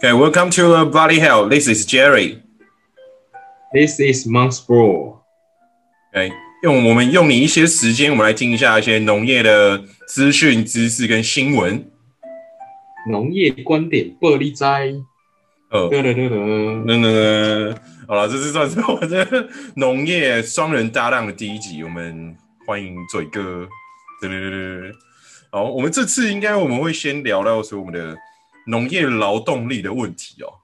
Okay, welcome to a body hell. This is Jerry. This is m a s Bro. Okay, 用我們用你一些時間，我們來聽一下一些農業的資訊、知識跟新聞。農業觀點，玻璃哦，對對對力齋。呃，好了，這次算是我的農業雙人搭檔的第一集。我們歡迎嘴哥。對對對對對。好，我們這次應該我們會先聊到說我們的。農業勞動力的問題哦、喔，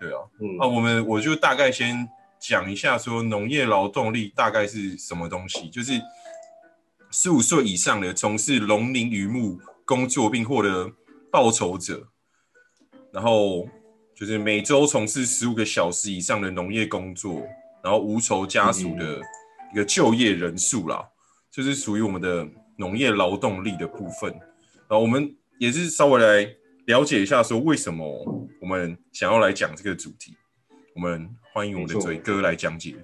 對啊，啊，那我們我就大概先講一下，說農業勞動力大概是什麼東西，就是十五歲以上的從事農林漁牧工作並獲得報酬者，然後就是每周從事十五個小時以上的農業工作，然後無酬家屬的一個就業人數啦，嗯嗯、就是屬於我們的農業勞動力的部分，然後我們也是稍微來。了解一下，說為什麼我們想要來講這個主題？我們歡迎我們的嘴哥來講解。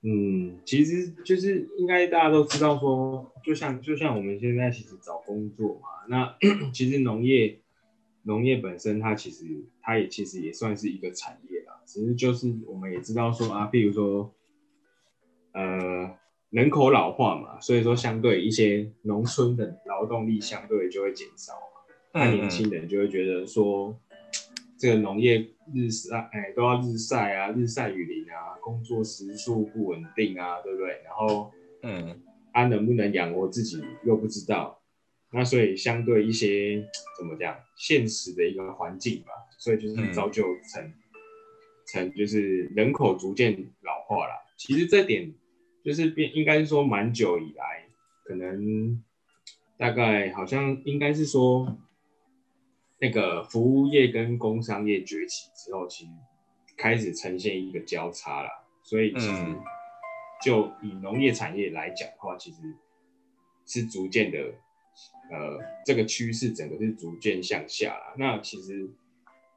嗯，其實就是應該大家都知道說，說就像就像我們現在其實找工作嘛，那 其實農業農業本身它其實它也其實也算是一個產業啦。只是就是我們也知道說啊，譬如說呃人口老化嘛，所以說相對一些農村的勞動力相對就會減少。那年輕人就會覺得說，這個農業日曬，哎，都要日曬啊，日曬雨淋啊，工作時數不穩定啊，對不對？然後，嗯，他能不能養活自己又不知道，那所以相對一些怎麼講，現實的一個環境吧，所以就是早就成、嗯、成就是人口逐漸老化了。其實這點就是變，應該是說蠻久以來，可能大概好像應該是說。那個服務業跟工商業崛起之後，其實開始呈現一個交叉啦。所以其實就以農業產業來講的話，其實是逐漸的，呃，這個趨勢整個是逐漸向下啦。那其實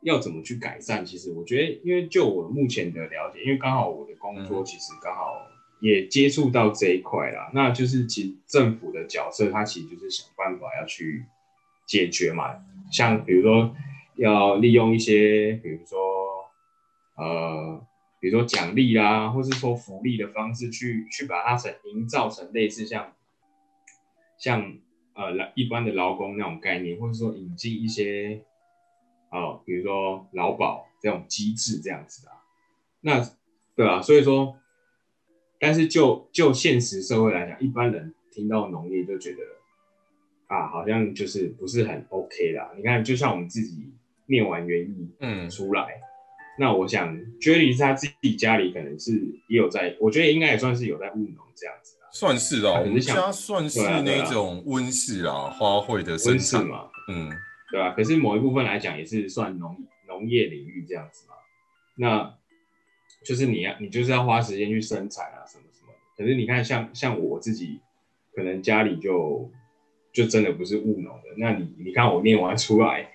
要怎麼去改善？其實我覺得，因為就我目前的了解，因為剛好我的工作其實剛好也接觸到這一塊啦，那就是其實政府的角色，它其實就是想辦法要去解決嘛。像比如說，要利用一些，比如說，呃，比如說獎勵啦，或是說福利的方式去，去去把它成營造成類似像，像呃一般的勞工那種概念，或者說引進一些，哦、呃，比如說勞保這種機制這樣子的、啊，那對吧、啊？所以說，但是就就現實社會來講，一般人聽到農業就覺得。啊，好像就是不是很 OK 啦。你看，就像我們自己念完園藝，嗯，出來，嗯，那我想 Julie 他自己家裡可能是也有在，我覺得應該也算是有在務農這樣子啦。算是哦，是像我們家算是那種溫室。對啊，對啊，花卉的溫室嘛，嗯，對吧？可是某一部分來講，也是算農農業領域這樣子嘛，那就是你要你就是要花時間去生產啊，什麼什麼的。可是你看像，像像我自己，可能家裡就。就真的不是務農的，那你你看我念完出來，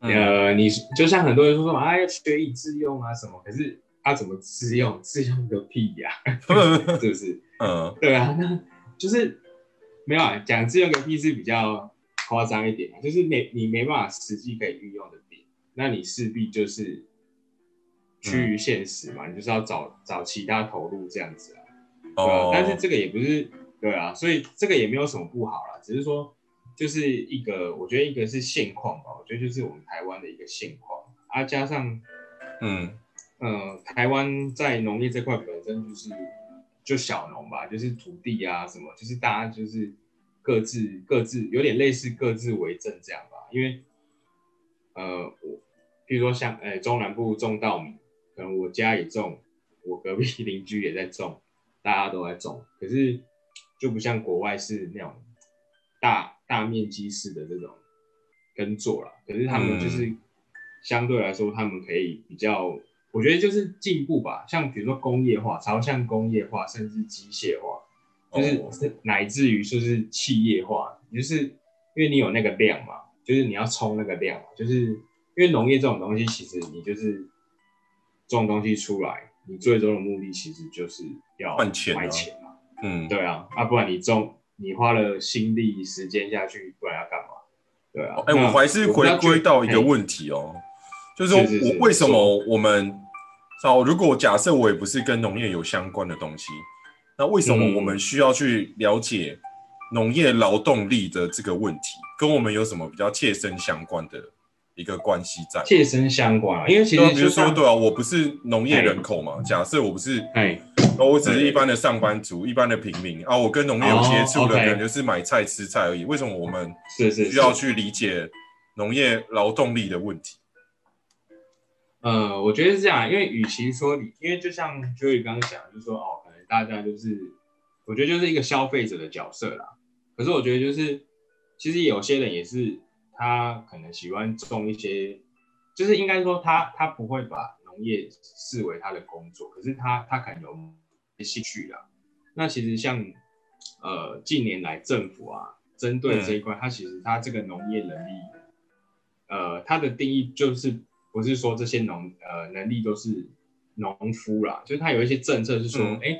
呃，嗯、你就像很多人說說哎，要學以致用啊什麼，可是他、啊、怎麼致用？致用個屁呀、啊， 是不是？嗯，對啊，那就是沒有啊，講致用個屁是比較誇張一點啊，就是沒你沒辦法實際可以運用的點，那你勢必就是趨於現實嘛，嗯、你就是要找找其他投入這樣子啊，哦、但是這個也不是。對啊，所以這個也沒有什麼不好啦，只是說就是一個，我覺得一個是現況吧，我覺得就是我們台灣的一個現況啊，加上嗯嗯、呃，台灣在農業這塊本身就是就小農吧，就是土地啊什麼，就是大家就是各自各自有點類似各自為政這樣吧，因為呃我譬如說像哎中南部種稻米，可能我家也種，我隔壁鄰居也在種，大家都在種，可是。就不像國外是那種大大面積式的這種耕作了，可是他們就是相對來說，他們可以比較，嗯、我覺得就是進步吧。像比如說工業化，朝向工業化，甚至機械化，就是，是乃至於說是企業化，哦、就是因為你有那個量嘛，就是你要衝那個量嘛，就是因為農業這種東西，其實你就是這種東西出來，你最終的目的其實就是要賣錢。嗯，對啊，啊，不然你中，你花了心力、時間下去，不然要幹嘛？對啊，哎、哦，欸、那我還是回歸到一個問題哦，就是說，我，是，是，是我為什麼我們，哦，如果假設我也不是跟農業有相關的東西，那為什麼我們需要去了解農業勞動力的這個問題，跟我們有什麼比較切身相關的一個關係在？切身相關，因為其實比如說，對啊，我不是農業人口嘛，嘿假設我不是。我只是一般的上班族，是是一般的平民啊。我跟農業有接觸的人、oh, okay. 就是買菜吃菜而已。為什麼我們需要去理解農業勞動力的問題？是是是。呃，我覺得是這樣，因為與其說你，因為就像 Joey 剛講，就是說哦，可能大家就是，我覺得就是一個消費者的角色啦。可是我覺得就是，其實有些人也是，他可能喜歡種一些，就是應該說他他不會把農業視為他的工作，可是他他可能有。吸取了、啊。那其實像呃近年來政府啊針對這一塊，嗯、它其實它這個農業人力，呃它的定義就是不是說這些農呃人力都是農夫啦，就是它有一些政策是說，哎、嗯欸，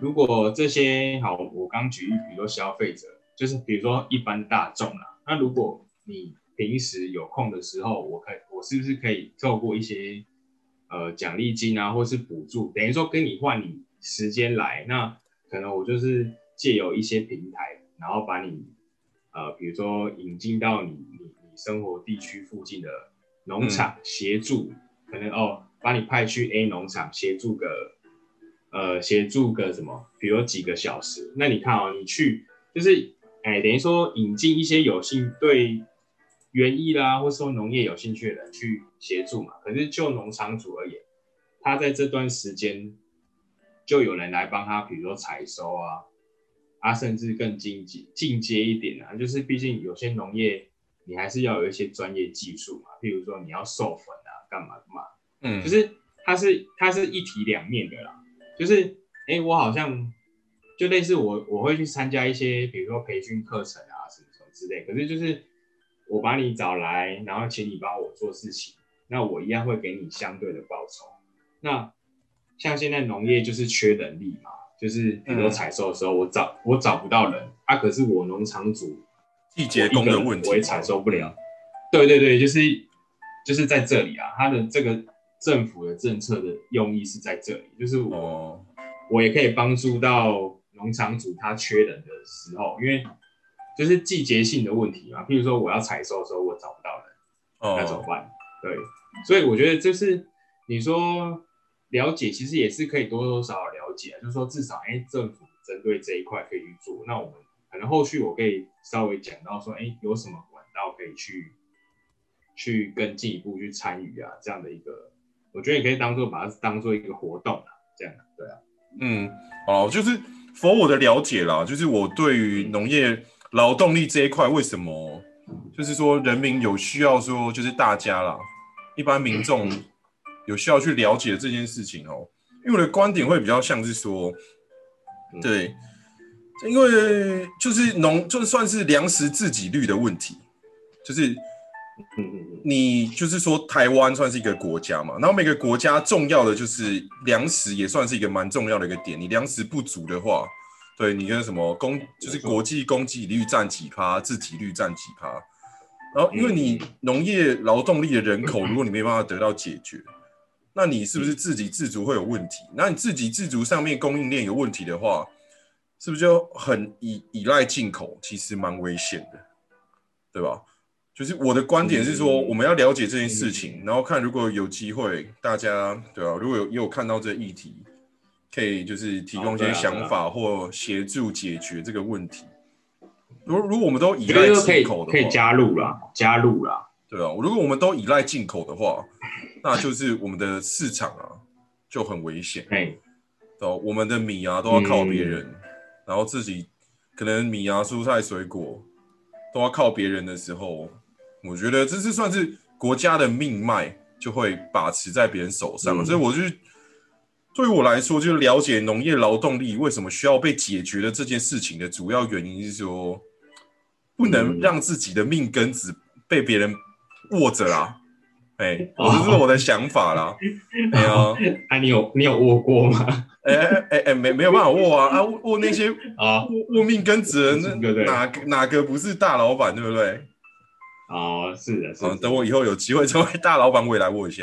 如果這些好，我剛舉例說，比如消費者就是比如說一般大眾啦、啊，那如果你平時有空的時候，我可以我是不是可以透過一些呃獎勵金啊，或是補助，等於說跟你換你，時間來，那可能我就是借由一些平台，然後把你，呃，比如說引進到你你你生活地區附近的農場協助，嗯、可能哦，把你派去 A 農場協助個，呃，協助個什麼，比如幾個小時。那你看哦，你去就是，哎，等於說引進一些有興對園藝啦，或者說農業有興趣的人去協助嘛。可是就農場主而言，他在這段時間，就有人來幫他，比如說採收啊，啊，甚至更進階進階一點啊，就是畢竟有些農業你還是要有一些專業技術嘛，譬如說你要授粉啊，幹嘛幹嘛，幹嘛嗯，就是它是它是一體兩面的啦，就是哎、欸，我好像就類似我我會去參加一些比如說培訓課程啊什麼，什麼之類的，可是就是我把你找來，然後請你幫我做事情，那我一樣會給你相對的報酬，那。像現在農業就是缺人力嘛，就是比如採收的時候，我找我找不到人，嗯、啊，可是我農場主季節工的問題，我也採收不了。對對對，就是就是在這裡啊，他的這個政府的政策的用意是在這裡，就是我、哦、我也可以幫助到農場主他缺人的時候，因為就是季節性的問題嘛，譬如說我要採收的時候，我找不到人，哦、那怎麼辦？對，所以我覺得就是你說。了解，其實也是可以多多少少了解，就是說至少，哎、欸，政府針對這一塊可以去做。那我們可能後續我可以稍微講到說，哎、欸，有什麼管道可以去去更進一步去參與啊？這樣的一個，我覺得也可以當做把它當做一個活動啊，這樣對啊。嗯，哦，就是 for 我的了解啦，就是我對於農業勞動力這一塊，為什麼就是說人民有需要說，就是大家啦，一般民眾、嗯。有需要去了解的這件事情哦，因為我的觀點會比較像是說，對，因為就是農，就算是糧食自給率的問題，就是，你就是說台灣算是一個國家嘛，然後每個國家重要的就是糧食，也算是一個蠻重要的一個點。你糧食不足的話，對你跟什麼供，就是國際供給率佔幾趴，自給率佔幾趴，然後因為你農業勞動力的人口，如果你沒辦法得到解決。那你是不是自給自足會有問題？嗯、那你自給自足上面供應鏈有問題的話，是不是就很依依賴進口？其實蠻危險的，對吧？就是我的觀點是說，嗯、我們要了解這件事情，嗯、然後看如果有機會，大家對啊，如果有也有看到這議題，可以就是提供一些想法或協助解決這個問題。啊啊啊、如果如果我們都依賴進口的話、就是可，可以加入啦，加入啦。對啊，如果我們都依賴進口的話。 那就是我們的市場啊，就很危險。哎嘿，哦，我們的米啊都要靠別人，嗯、然後自己可能米啊、蔬菜、水果都要靠別人的時候，我覺得這是算是國家的命脈，就會把持在別人手上。嗯、所以，我就對於我來說，就了解農業勞動力為什麼需要被解決的這件事情的主要原因，是說不能讓自己的命根子被別人握着啦、啊。嗯嗯哎，欸 oh. 這是我的想法啦。哎，你有你有握過嗎？哎哎哎，沒沒有辦法握啊！啊握握那些啊握、oh. 握命根子，那哪個、oh. 哪，哪個不是大老板，對不對？啊、oh.，是的，是、啊。等我以後有機會成為大老板，我也來握一下。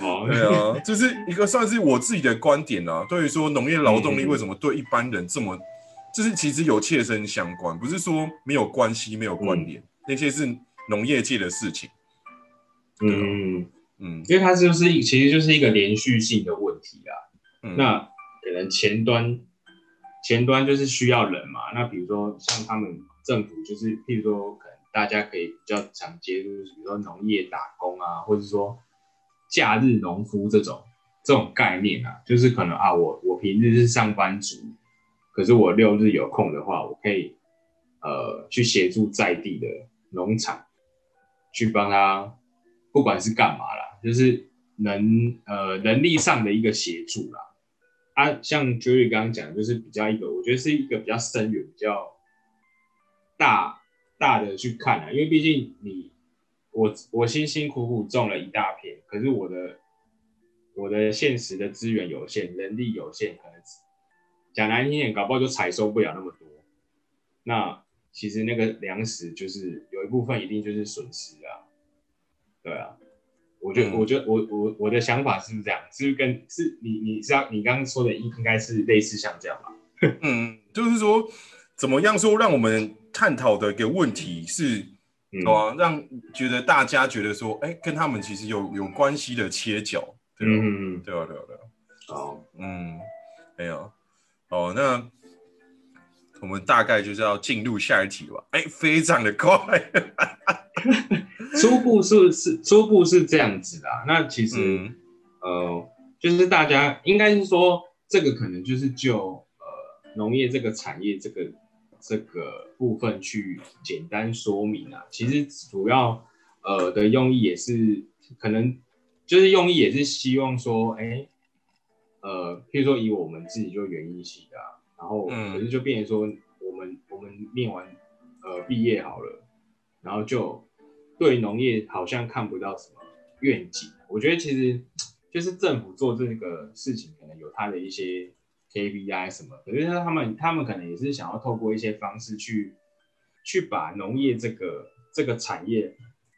哦，對啊，就是一個算是我自己的觀點啊。對於說農業勞動力為什麼對一般人這麼，嗯、就是其實有切身相關，不是說沒有關係、沒有關聯，嗯、那些是農業界的事情。嗯嗯因為它就是一，其實就是一個連續性的問題啦、啊。嗯、那可能前端，前端就是需要人嘛。那比如說像他們政府，就是譬如說，可能大家可以比較常接觸，就是、比如說農業打工啊，或者說假日農夫這種這種概念啊，就是可能啊，我我平日是上班族，可是我六日有空的話，我可以呃去協助在地的農場，去幫他。不管是幹嘛啦，就是能呃能力上的一個協助啦。啊，像 Jerry 剛剛講，就是比較一個，我覺得是一個比較深遠、比較大大的去看啦。因為畢竟你我我辛辛苦苦種了一大片，可是我的我的現實的資源有限，人力有限，可能講難聽點，搞不好就採收不了那麼多。那其實那個糧食就是有一部分一定就是損失啊。對啊，我覺得，我覺得，我我我的想法是不是這樣？是不是跟是你，你知道，你剛剛說的應該是類似像這樣吧？嗯，就是說怎麼樣說，讓我們探討的一個問題是，對、嗯哦、讓覺得大家覺得說，哎、欸，跟他們其實有有關係的切角，對吧？嗯，對啊，對啊、哦，對啊，好，嗯，沒、哎、有，哦，那。我們大概就是要進入下一題了，哎、欸，非常的快。 初步是是初步是這樣子啦，那其實、嗯、呃，就是大家應該是說，這個可能就是就呃農業這個產業這個這個部分去簡單說明啊。其實主要呃的用意也是可能就是用意也是希望說，哎、欸，呃，譬如說以我們自己就園藝系的、啊。然後，可是就變成說，我們、嗯、我們念完，呃，畢業好了，然後就對農業好像看不到什麼願景。我覺得其實就是政府做這個事情，可能有他的一些 KPI 什麼，可是他們他們可能也是想要透過一些方式去去把農業這個這個產業，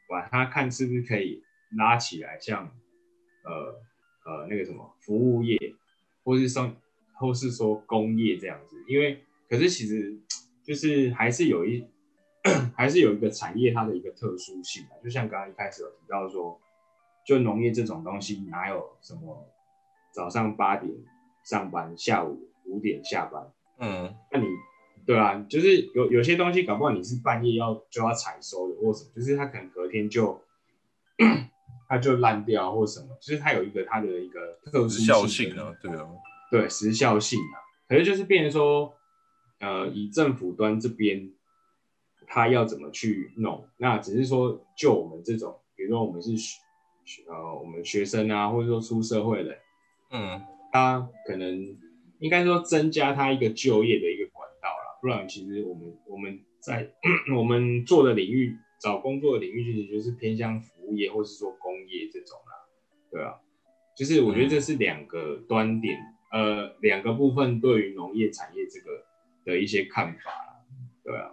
把它看是不是可以拉起來，像呃呃那個什麼服務業，或者是生。或是說工業這樣子，因為可是其實就是還是有一，還是有一個產業它的一個特殊性啊，就像剛剛一開始有提到說，就農業這種東西哪有什麼早上八點上班，下午五點下班，嗯，那你對啊，就是有有些東西搞不好你是半夜要就要採收的，或什麼，就是它可能隔天就它就爛掉或什麼，就是它有一個它的一個特殊性的，時效性啊，對啊。對，時效性啊，可是就是變成說，呃，以政府端這邊，他要怎麼去弄？那只是說，就我們這種，比如說我們是學，學呃我們學生啊，或者說出社會的，嗯，他可能應該說增加他一個就業的一個管道啦，不然其實我們我們在咳咳我們做的領域，找工作的領域，其實就是偏向服務業或者是說工業這種啦，啊，對啊，就是我覺得這是兩個端點。嗯呃，兩個部分對於農業產業這個的一些看法，啊，對啊，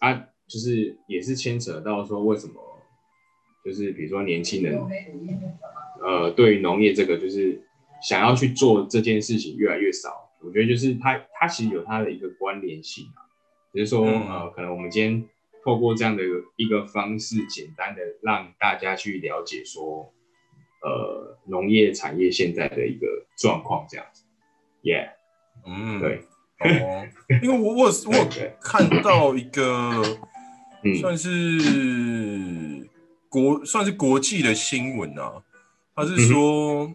啊，就是也是牽扯到說為什麼，就是比如說年輕人，呃，對於農業這個就是想要去做這件事情越來越少，我覺得就是它、它其實有它的一個關聯性啊，只是說、嗯、呃，可能我們今天透過這樣的一個方式，簡單的讓大家去了解說，呃，農業產業現在的一個狀況這樣子。Yeah，嗯，對， 哦，因為我我我看到一個，算是國、嗯、算是國、算是國際的新聞啊，他是說，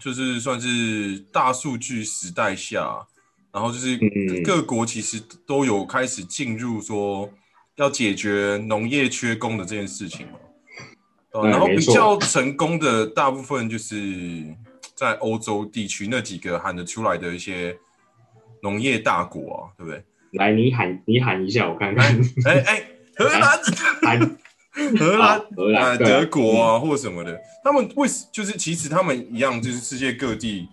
就是算是大數據時代下，然後就是各國其實都有開始進入說要解決農業缺工的這件事情嘛，呃，然後比較成功的大部分就是。在歐洲地區，那幾個喊得出來的一些農業大國啊，對不對？來，你喊，你喊一下，我看看。哎哎，荷蘭對，荷蘭，荷蘭，德國啊，嗯、或什麼的。他們為什就是其實他們一樣，就是世界各地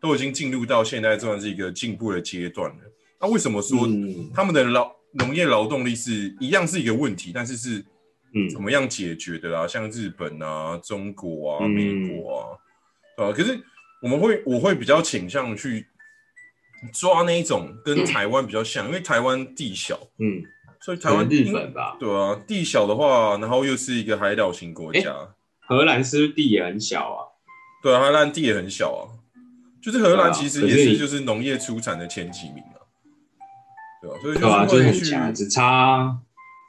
都已經進入到現在這樣子一個進步的階段了。那、啊、為什麼說他們的勞農、嗯、業勞動力是一樣是一個問題？但是是怎麼樣解決的啦、啊？嗯、像日本啊、中國啊、嗯、美國啊。呃，可是我們會，我會比較傾向去抓那一種跟台灣比較像，嗯、因為台灣地小，嗯，所以台灣日本吧，對啊，地小的話，然後又是一個海島型國家，欸、荷蘭是不是地也很小啊？對啊，荷蘭地也很小啊，就是荷蘭其實也是就是農業出產的前幾名啊，對啊，所以就是去、啊就是、很只差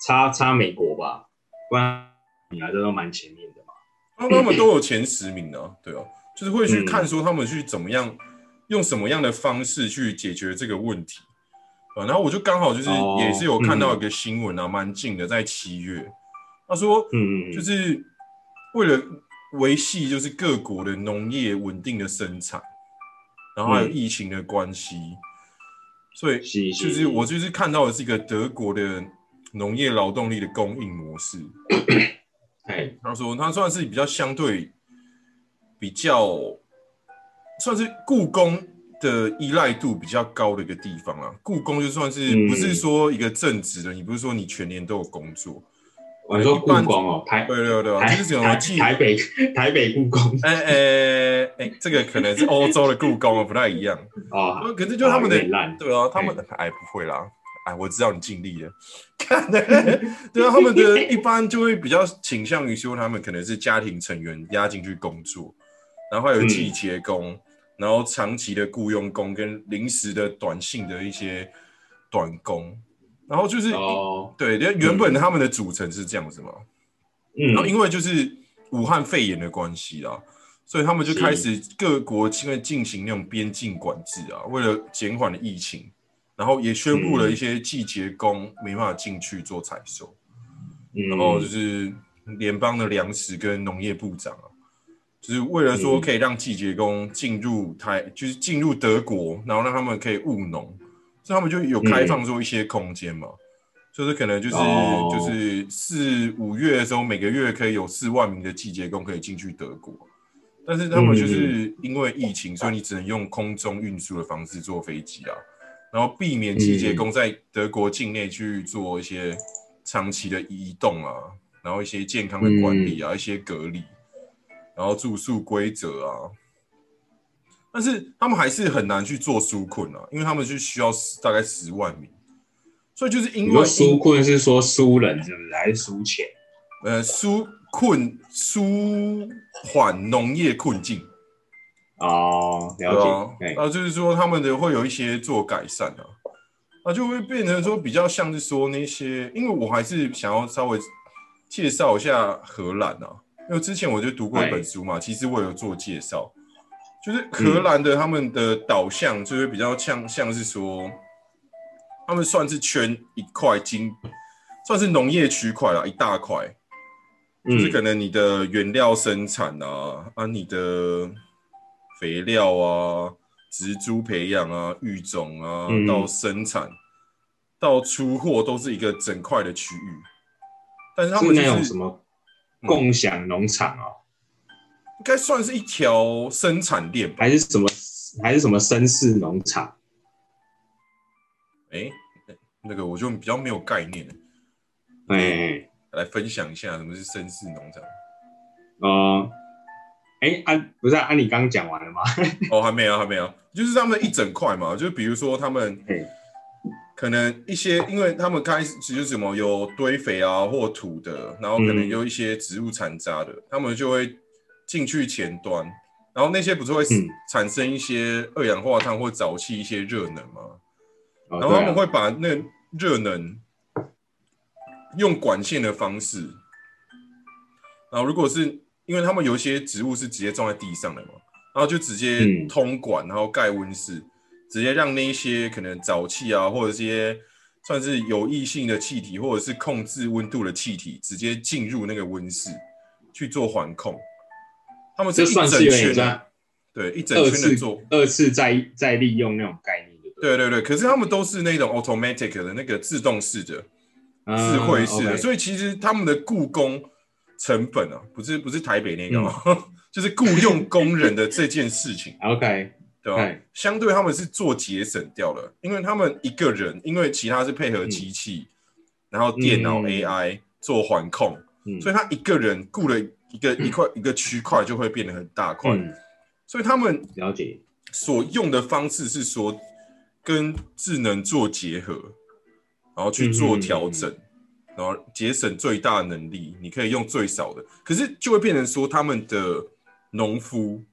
差差美國吧，不然你還真的蠻前面的嘛，他們都有前十名啊，對啊。就是會去看說他們去怎麼樣，用什麼樣的方式去解決這個問題，啊，然後我就剛好就是也是有看到一個新聞啊，蠻近的在七月，他說，嗯，就是為了維繫就是各國的農業穩定的生產，然後還有疫情的關係，所以就是我就是看到的是一個德國的農業勞動力的供應模式，哎，他說他算是比較相對。比較算是故宮的依賴度比較高，的一個地方啊。故宮就算是不是說一個正職的，你不是說你全年都有工作？我說故宮哦，台對對對，就是講台台北台北故宮。哎哎哎，這個可能是歐洲的故宮不太一樣啊。可是就他們的對啊，他們的哎不會啦，哎我知道你盡力了。對啊，他們的一般就會比較傾向於說他們可能是家庭成員押進去工作。然後還有季節工，嗯、然後長期的雇傭工跟臨時的、短信的一些短工，然後就是、哦、對，原本他們的組成是這樣子嘛。嗯、然後因為就是武漢肺炎的關係啦，所以他們就開始各國因為進行那種邊境管制啊，是為了減緩的疫情，然後也宣布了一些季節工、嗯、沒辦法進去做採收。然後就是聯邦的糧食跟農業部長、啊。是為了說可以讓季節工進入臺，嗯、就是進入德國，然後讓他們可以務農，所以他們就有開放做一些空間嘛。嗯、就是可能就是、哦、就是四五月的時候，每個月可以有四萬名的季節工可以進去德國，但是他們就是因為疫情，嗯、所以你只能用空中運輸的方式坐飛機啊，然後避免季節工在德國境內去做一些長期的移動啊，然後一些健康的管理啊，嗯、一些隔離。然後住宿規則啊，但是他們還是很難去做紓困啊，因為他們是需要大概十萬名，所以就是因為紓困是說紓人，還是紓錢？呃，紓困、紓緩農業困境哦，了解。啊、對那就是說他們的會有一些做改善啊，啊，就會變成說比較像是說那些，因為我還是想要稍微介紹一下荷蘭啊。因為之前我就讀過一本書嘛，Hey. 其實我有做介紹，就是荷蘭的他們的導向就是比較像，嗯、像是說，他們算是圈一塊金，算是農業區塊啊，一大塊，嗯、就是可能你的原料生產啊啊，你的肥料啊、植株培養啊、育種啊，嗯、到生產到出貨都是一個整塊的區域，但是他們、就是，是什麼？共享農場哦，嗯、應該算是一條生產鏈還是什麼？還是什麼紳士農場？哎、欸，那個我就比較沒有概念了。哎、欸，來分享一下什麼是紳士農場？啊、呃，哎、欸、啊，不是啊，啊你剛剛講完了嗎？ 哦，還沒有、啊，還沒有、啊，就是他們一整塊嘛，就是比如說他們、欸，哎。可能一些，因為他們開始就是什麼有，有堆肥啊或土的，然後可能有一些植物殘渣的，嗯、他們就會進去前端，然後那些不是會產生一些二氧化碳或沼氣一些熱能嗎？嗯、然後他們會把那熱能用管線的方式，然後如果是因為他們有一些植物是直接種在地上的嘛，然後就直接通管，嗯、然後蓋溫室。直接讓那些可能沼氣啊，或者一些算是有異性的氣體，或者是控制溫度的氣體，直接進入那個溫室去做環控。他們這算是有一段對一整圈的做二次再再利用那種概念對。對對對，可是他們都是那種 automatic 的那個自動式的、嗯、智慧式的，okay. 所以其實他們的雇工成本啊，不是不是台北那個 No. 就是雇傭工人的這件事情。 OK。對，嘿相對他們是做節省掉了，因為他們一個人，因為其他是配合機器，嗯、然後電腦 AI、嗯、做環控，嗯、所以他一個人雇了一個一塊、嗯、一個區塊就會變得很大塊，嗯、所以他們了解所用的方式是說、嗯、跟智能做結合，然後去做調整，嗯、然後節省最大的能力，你可以用最少的，可是就會變成說他們的農夫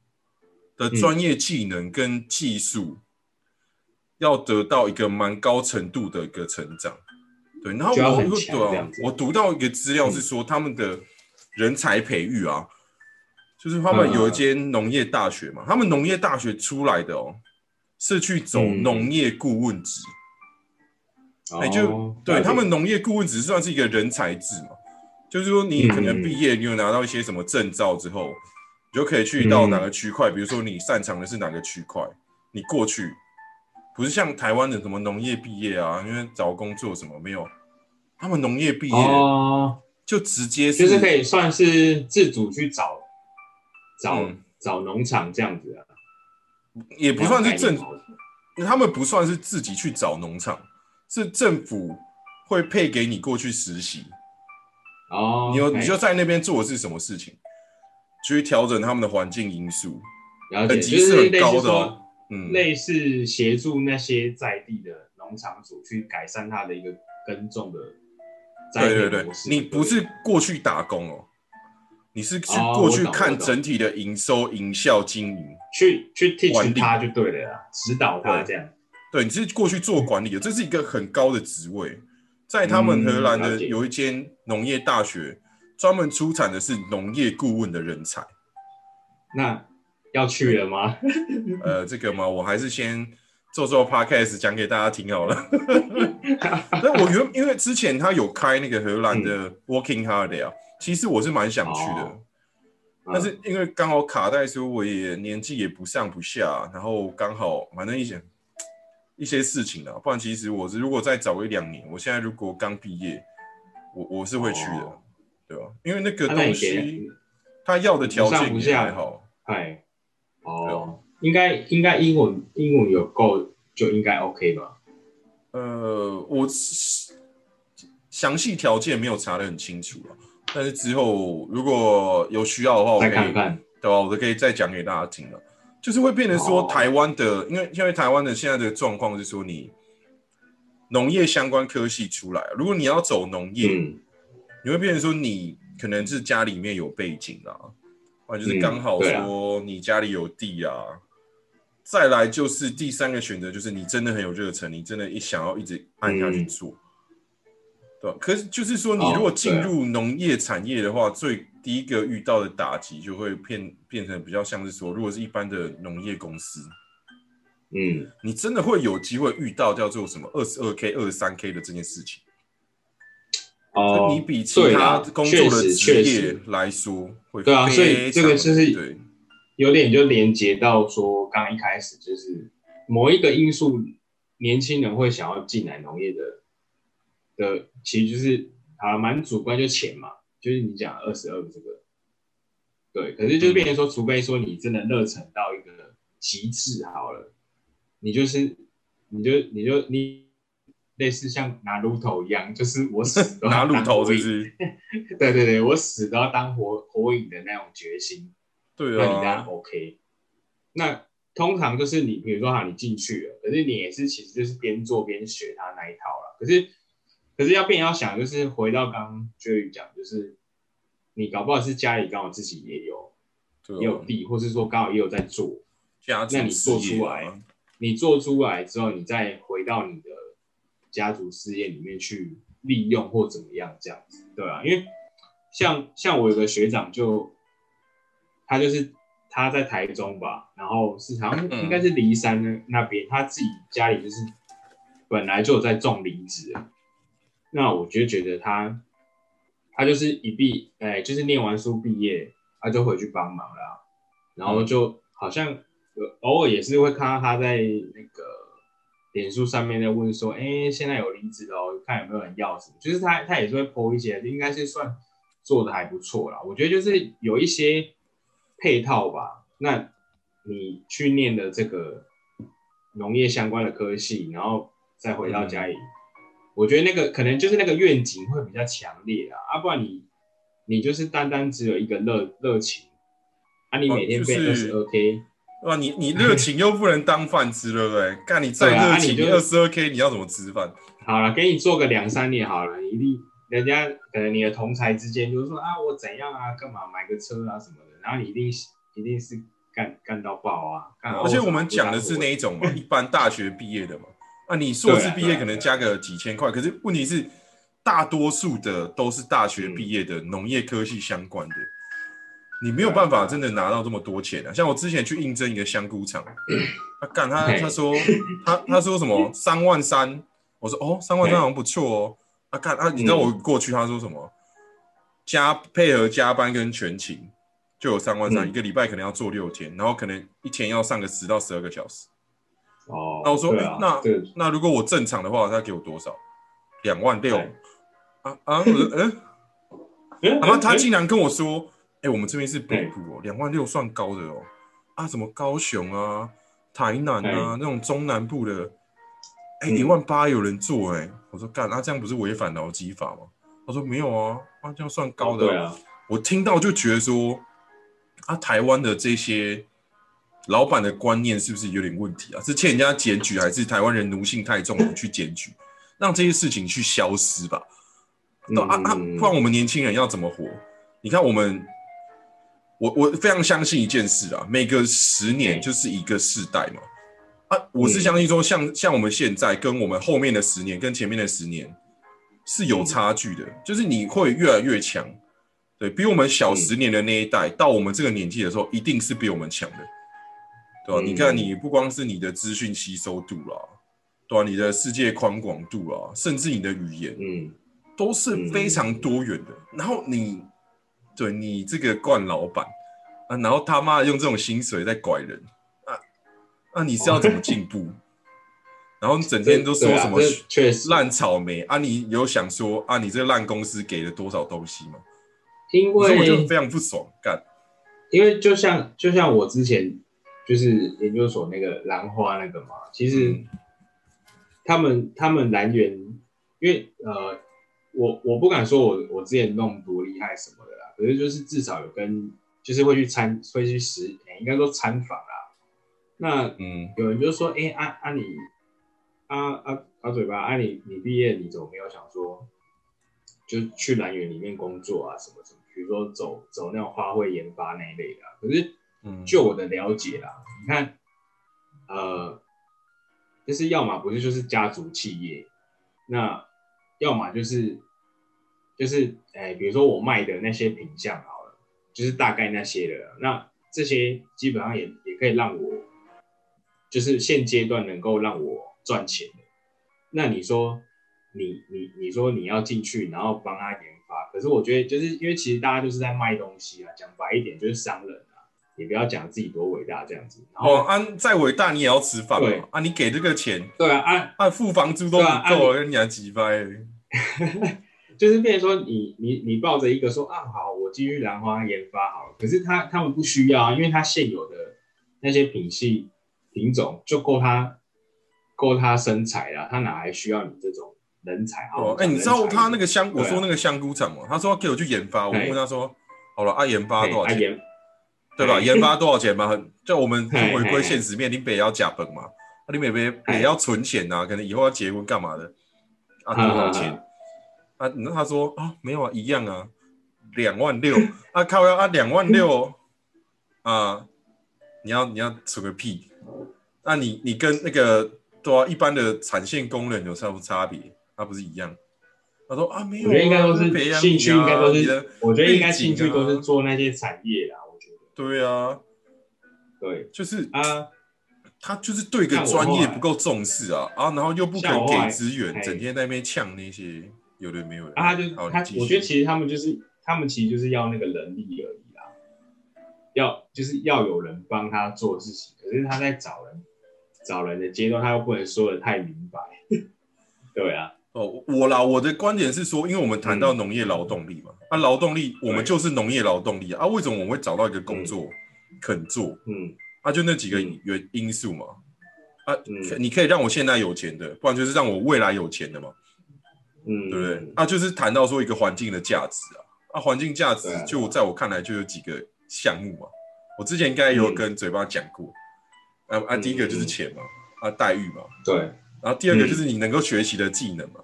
的專業技能跟技術、嗯、要得到一個蠻高程度的一個成長，對。然後我讀，啊、我讀到一個資料是說，嗯、他們的人才培育啊，就是他們有一間農業大學嘛，嗯、他們農業大學出來的哦，是去走農業顧問職，哎、嗯欸，就、哦、對，對他們農業顧問職算是一個人才職嘛，嗯、就是說你可能畢業，你有拿到一些什麼證照之後。就可以去到哪個區塊，嗯、比如說你擅長的是哪個區塊，你過去不是像台灣的什麼農業畢業啊，因為找工作什麼沒有，他們農業畢業、哦、就直接是就是可以算是自主去找找找農場這樣子啊，也不算是政，他們不算是自己去找農場，是政府會配給你過去實習，哦，你有 okay. 你就在那邊做的是什麼事情。去調整他們的環境因素，然後等級是很高的，嗯，類似協助那些在地的農場主去改善他的一個耕種的，對對對，你不是過去打工哦，你是去過去看整體的營收、營銷、經營，去去培訓他就對了呀，指導他這樣，對，你是過去做管理的，這是一個很高的職位，在他們荷蘭的有一間農業大學。專門出產的是農業顧問的人才，那要去了嗎？ 呃，這個嘛，我還是先做做 Podcast 講給大家聽好了。那 我原因為之前他有開那個荷蘭的 Working Holiday，、啊嗯、其實我是蠻想去的。哦、但是因為剛好卡在說，我也、哦、年紀也不上不下，然後剛好反正一些一些事情啊，不然其實我是如果再早一兩年，我現在如果剛畢業，我我是會去的。哦對吧、啊？因為那個東西，他要的條件不是還好？哎，哦，對應該應該英文英文有夠就應該 OK 吧？呃，我詳細條件沒有查得很清楚了，但是之後如果有需要的話，我可以，再看看對吧、啊？我都可以再講給大家聽了。就是會變成說台灣的，哦、因為因為台灣的現在的狀況是說，你農業相關科系出來，如果你要走農業。嗯你會變成說你可能是家裡面有背景啊，或者就是剛好說你家裡有地啊。嗯、啊再來就是第三個選擇，就是你真的很有熱忱，你真的一想要一直按下去做，嗯、對、啊。可是就是說，你如果進入農業產業的話，哦啊、最第一個遇到的打擊就會變變成比較像是說，如果是一般的農業公司，嗯，你真的會有機會遇到叫做什麼二十二 K、二十三 K 的這件事情。哦，你比其他工作的、啊、確實，業來說會，對啊，所以這個就是有點就連接到說，剛一開始就是某一個因素，年輕人會想要進來農業的的，其實就是啊，蠻主觀，就錢嘛，就是你講二十二個這個，嗯、對，可是就變成說，嗯、除非說你真的熱忱到一個極致好了，你就是，你就，你就，你。類似像拿爐頭一樣，就是我死都要 拿爐頭這，就是 對對對，我死都要當火火影的那種決心。對啊，那你當然 OK。那通常就是你，比如說哈，你進去了，可是你也是其實就是邊做邊學他那一套了。可是，可是要變要想，就是回到剛剛娟宇講，就是你搞不好是家裡剛好自己也有對也有地，或是說剛好也有在做，家自己，那你做出來，你做出來之後，你再回到你的。家族事業裡面去利用或怎麼樣這樣子，對啊，因為像像我有個學長就，就他就是他在台中吧，然後是好像應該是梨山那那邊，嗯、他自己家裡就是本來就有在種梨子，那我就覺得他他就是一畢，哎、欸，就是念完書畢業，他就回去幫忙啦，然後就好像偶爾也是會看到他在那個。臉書上面在問說，哎、欸，現在有離職哦，看有沒有人要什麼？就是他，他也是會 PO 一些，應該是算做得還不錯啦，我覺得就是有一些配套吧。那你去念的這個農業相關的科系，然後再回到家裡，嗯、我覺得那個可能就是那個願景會比較強烈啊。啊，不然你你就是單單只有一個熱熱情，啊，你每天背二十二 K，嗯。就是哇、啊，你你熱情又不能當飯吃，對不對？幹 你再熱情，二十二 k，你要怎麼吃飯？好了，給你做個兩三年好了，一定人家可能、呃、你的同才之間就是說啊，我怎樣啊，幹嘛買個車啊什麼的，然後你一定一定是幹幹到爆啊！到而且我們講的是那一種嘛， 一般大學畢業的嘛，啊，你碩士畢業可能加個幾千塊，啊啊啊啊啊、可是問題是大多數的都是大學畢業的農、嗯、業科系相關的。你沒有辦法真的拿到這麼多錢的、啊，像我之前去應徵一個香菇廠、嗯啊，他幹他他說他他說什麼三萬三，我說哦三萬三好像不錯哦，他幹、嗯、啊，幹啊你知道我過去他說什麼、嗯、加配合加班跟全勤就有三萬三、嗯、一個禮拜可能要做六天，然後可能一天要上個十到十二個小時，哦，那我說、啊欸、那對那如果我正常的話，他給我多少？兩萬六對啊啊我說、欸、嗯，然、嗯、後、嗯啊、他竟然跟我說。哎、欸，我們這邊是北部哦，兩、欸、萬六算高的哦。啊，什麼高雄啊、台南啊、欸、那種中南部的，哎、欸，一、嗯、萬八有人做哎、欸。我說幹，那、啊、這樣不是違反勞基法嗎？他說沒有啊，那、啊、這樣算高的。哦對啊，我聽到就覺得說，啊，台灣的這些老闆的觀念是不是有點問題啊？是欠人家檢舉，還是台灣人奴性太重去檢舉， 讓這些事情去消失吧？嗯、都啊啊，不、啊、然我們年輕人要怎麼活？你看我們。我我非常相信一件事啊，每個十年就是一個世代嘛，啊，嗯、我是相信說像，像像我們現在跟我們後面的十年跟前面的十年是有差距的，嗯、就是你會越來越強，對，比我們小十年的那一代，嗯、到我們這個年紀的時候，一定是比我們強的，對、啊嗯、你看，你不光是你的資訊吸收度啦、啊，對、啊、你的世界寬廣度啦、啊，甚至你的語言，嗯，都是非常多元的。嗯、然後你，對你這個慣老闆。啊、然後他媽用這種薪水在拐人，那、啊啊、你是要怎麼進步？Okay. 然後你整天都說什麼爛草莓啊？啊你有想說啊？你這個爛公司給了多少東西嗎？因為我就非常不爽幹。因為就像就像我之前就是研究所那個蘭花那個嘛，其實、嗯、他們他們蘭園，因為呃，我我不敢說我我之前弄多厲害什麼的啦，可是就是至少有跟。就是會去參，會去實，欸、應該說參訪啊。那嗯，有人就說，哎、嗯，阿阿、欸啊啊、你，阿阿阿嘴巴，阿、啊、你你畢業，你怎麼沒有想說，就去蘭園裡面工作啊，什麼什麼？比如說走走那種花卉研發那一類的、啊。可是，嗯，就我的了解啊，你看，呃，就是要麼不是就是家族企業，那，要麼就是，就是，哎、欸，比如說我賣的那些品相啊。就是大概那些的，那這些基本上也也可以讓我，就是現階段能夠讓我賺錢。那你說，你你你說你要進去，然後幫他研發，可是我覺得就是因為其實大家就是在賣東西啊，講白一點就是商人啊，也不要講自己多偉大這樣子。然後哦，安、啊，再偉大你也要吃飯、啊、對。啊，你給這個錢。對啊，按按付房租都不夠，啊啊、你還研發？ 就是變成說，你你你抱着一個說啊，好，我精於蘭花研發好，可是他他們不需要，因為他現有的那些品系品種就夠他夠他生財了，他哪還需要你這種人才啊？哎，你知道他那個香，我說那個香菇廠嘛，他說給我去研發，我問他說，好了啊，研發多少錢？對吧？研發多少錢嘛？就我們回歸現實面，林北要呷飯嘛，你不也要存錢吶，可能以後要結婚幹嘛的啊？多少錢？啊！那他說啊、哦，沒有啊，一樣啊，兩萬六 啊，靠、靠！要啊，兩萬六 啊，你要你要扯個屁？那、啊、你你跟那個對吧、啊？一般的產線工人有差不差別？他、啊、不是一樣？他說啊，沒有、啊，我覺得應該都是培養興趣應該都是，我覺得應該興趣都是做那些產業啦。我覺得對啊，對，就是啊，他就是對個專業不夠重視啊啊，然後又不肯給資源，整天在那邊嗆那些。有的沒有人、啊，他就他，我覺得其實他們就是，他們其實就是要那個人力而已啦、啊，要就是要有人幫他做事情，可是他在找人 找人的階段，他又不能說得太明白，對啊，哦我啦，我的觀點是說，因為我們談到農業勞動力嘛，嗯、啊勞動力對我們就是農業勞動力啊，啊，為什麼我們會找到一個工作肯做，嗯，嗯啊就那幾個因素嘛，嗯、啊你可以讓我現在有錢的，不然就是讓我未來有錢的嘛。嗯，對不對？啊，就是談到說一個環境的價值啊，啊，環境價值就在我看來就有幾個項目嘛。對啊、對我之前應該有跟嘴巴講過，嗯、啊啊，第一個就是錢嘛，嗯、啊待遇嘛，對。然後第二個就是你能夠學習的技能嘛，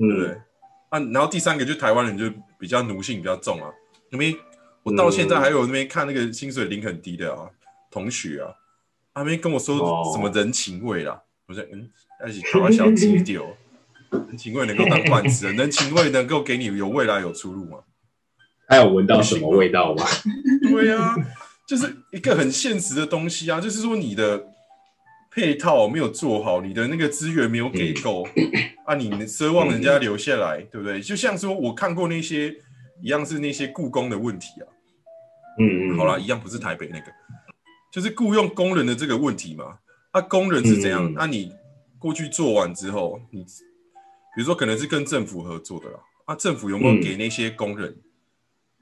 嗯、對不對？啊，然後第三個就台灣人就比較奴性比較重啊，因為我到現在還有那邊看那個薪水領很低的啊、嗯、同學啊，他們跟我說什麼人情味啦，哦、我說嗯，一起開玩笑丟丟。請問能夠當飯吃？能請問能夠給你有未來有出路嗎？還有聞到什麼味道嗎？ 對呀、啊，就是一個很現實的東西啊，就是說你的配套沒有做好，你的那個資源沒有給夠啊，你奢望人家留下來，對不對？就像說我看過那些一樣，是那些僱工的問題啊。嗯嗯，好啦，一樣不是台北那個，就是僱傭工人的這個問題嘛、啊。那工人是怎樣、啊？那你過去做完之後，你。比如說，可能是跟政府合作的啦，啊，政府有沒有給那些工人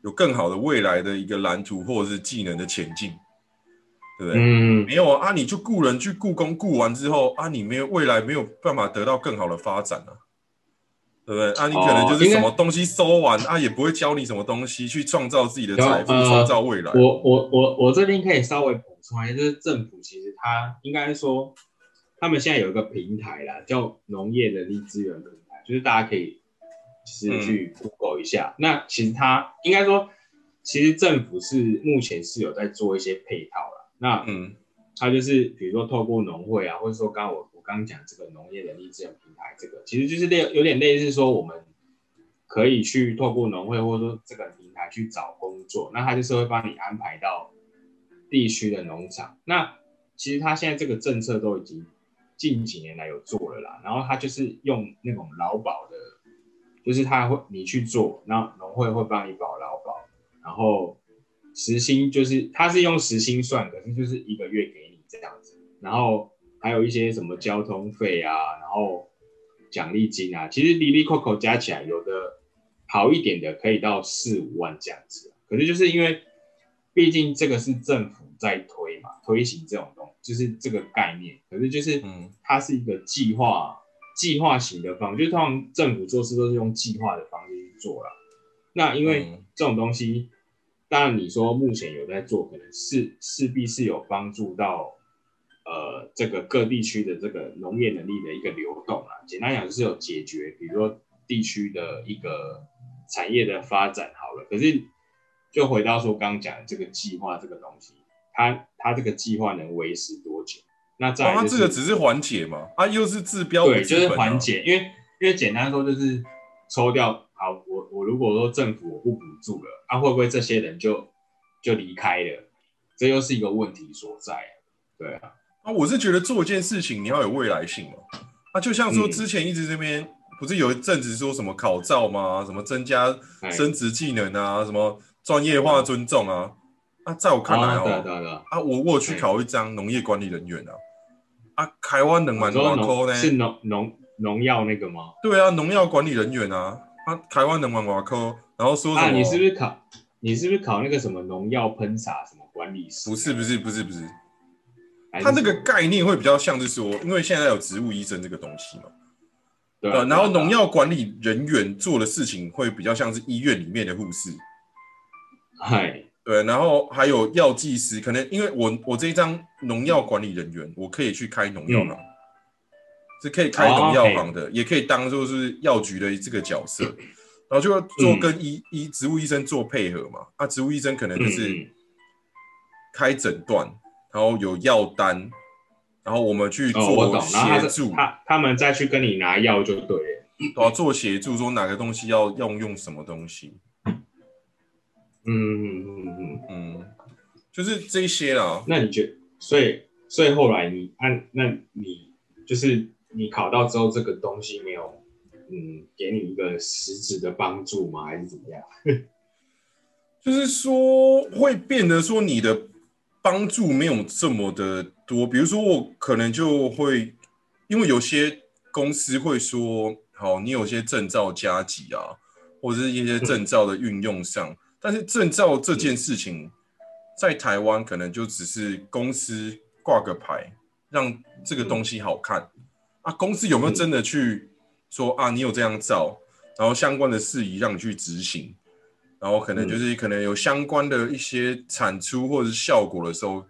有更好的未來的一個藍圖，或者是技能的前進，嗯、對不對？嗯，沒有啊，啊，你就雇人去雇工，雇完之後啊，你沒有未來，沒有辦法得到更好的發展啊，對不對？啊，你可能就是什麼東西收完，哦、啊，也不會教你什麼東西去創造自己的財富，呃、創造未來。我我我我這邊可以稍微補充一下，就是政府其實他應該說，他們現在有一個平台啦，叫農業人力資源的。就是大家可以就是去 Google 一下，嗯、那其實他應該說，其實政府是目前是有在做一些配套了。那嗯，他就是比如說透過農會啊，或者說剛剛我我剛講這個農業人力資源平台，這個其實就是類有點類似說我們可以去透過農會或者說這個平台去找工作，那他就是會幫你安排到地區的農場。那其實他現在這個政策都已經。近幾年來有做了啦，然後他就是用那種勞保的，就是他會你去做，然後農會會幫你保勞保，然後時薪就是他是用時薪算的，可是就是一個月給你這樣子，然後還有一些什麼交通費啊，然後獎勵金啊，其實哩哩扣扣加起來有的好一點的可以到四五萬這樣子，可是就是因為畢竟這個是政府在推嘛，推行這種。就是這個概念，可是就是，它是一個計劃、嗯、計劃型的方式，就通常政府做事都是用計劃的方式去做啦。那因為這種東西，嗯、當然你說目前有在做，可能勢勢必是有幫助到，呃，這個各地區的這個農業能力的一個流動啦。簡單講就是有解決，比如說地區的一個產業的發展好了。可是，就回到說剛剛講的這個計劃這個東西。他他這個計劃能維持多久？那、就是哦、這個只是緩解嘛？啊，又是治標不、啊？對，就是緩解，因為因為簡單說就是抽掉。好，我我如果說政府我不補助了，啊，會不會這些人就就離開了？這又是一個問題所在、啊。對啊，那、啊、我是覺得做一件事情你要有未來性嘛、哦。嗯、啊，就像說之前一直這邊不是有一陣子說什麼考照嗎？什麼增加升職技能啊？嗯、什麼專業化的尊重啊？嗯在我看來哦，哦對了對了啊，我我去考一張農業管理人員啊。哎、啊，花我兩萬多塊呢？是農農農藥那個嗎？對啊，農藥管理人員啊，啊，花我兩萬多塊，然後說、啊、你是不是考？你是不是考那個什麼農藥噴灑什麼管理師不是？不是不是不是不是，他心這個概念會比較像是說，因為現在有植物醫生這個東西嘛，對、啊、然後農藥管理人員做的事情會比較像是醫院裡面的護士，嗨、哎。對，然後還有藥劑師，可能因為我我這一張農藥管理人員，我可以去開農藥房，是、嗯、可以開農藥房的，oh，okay。也可以當做是藥局的這個角色，然後就要做跟醫醫、嗯、植物醫生做配合嘛，啊，植物醫生可能就是開診斷，嗯嗯然後有藥單，然後我們去做協助，哦、他他,他們再去跟你拿藥就對，啊，做協助說哪個東西要要用,用什麼東西。嗯嗯嗯嗯嗯，就是這些啊。那你覺得所以所以後來你按、啊，那你就是你考到之後，這個東西沒有，嗯，給你一個實質的幫助嗎？還是怎麼樣？ 就是說，會變得說你的幫助沒有這麼的多。比如說，我可能就會因為有些公司會說，好，你有些證照加急啊，或者是一些證照的運用上。 但是證照這件事情，嗯、在台灣可能就只是公司掛個牌，讓這個東西好看、嗯、啊。公司有沒有真的去說、嗯、啊？你有這樣照，然後相關的事宜讓你去執行，然後可能就是、嗯、可能有相關的一些產出或者是效果的時候，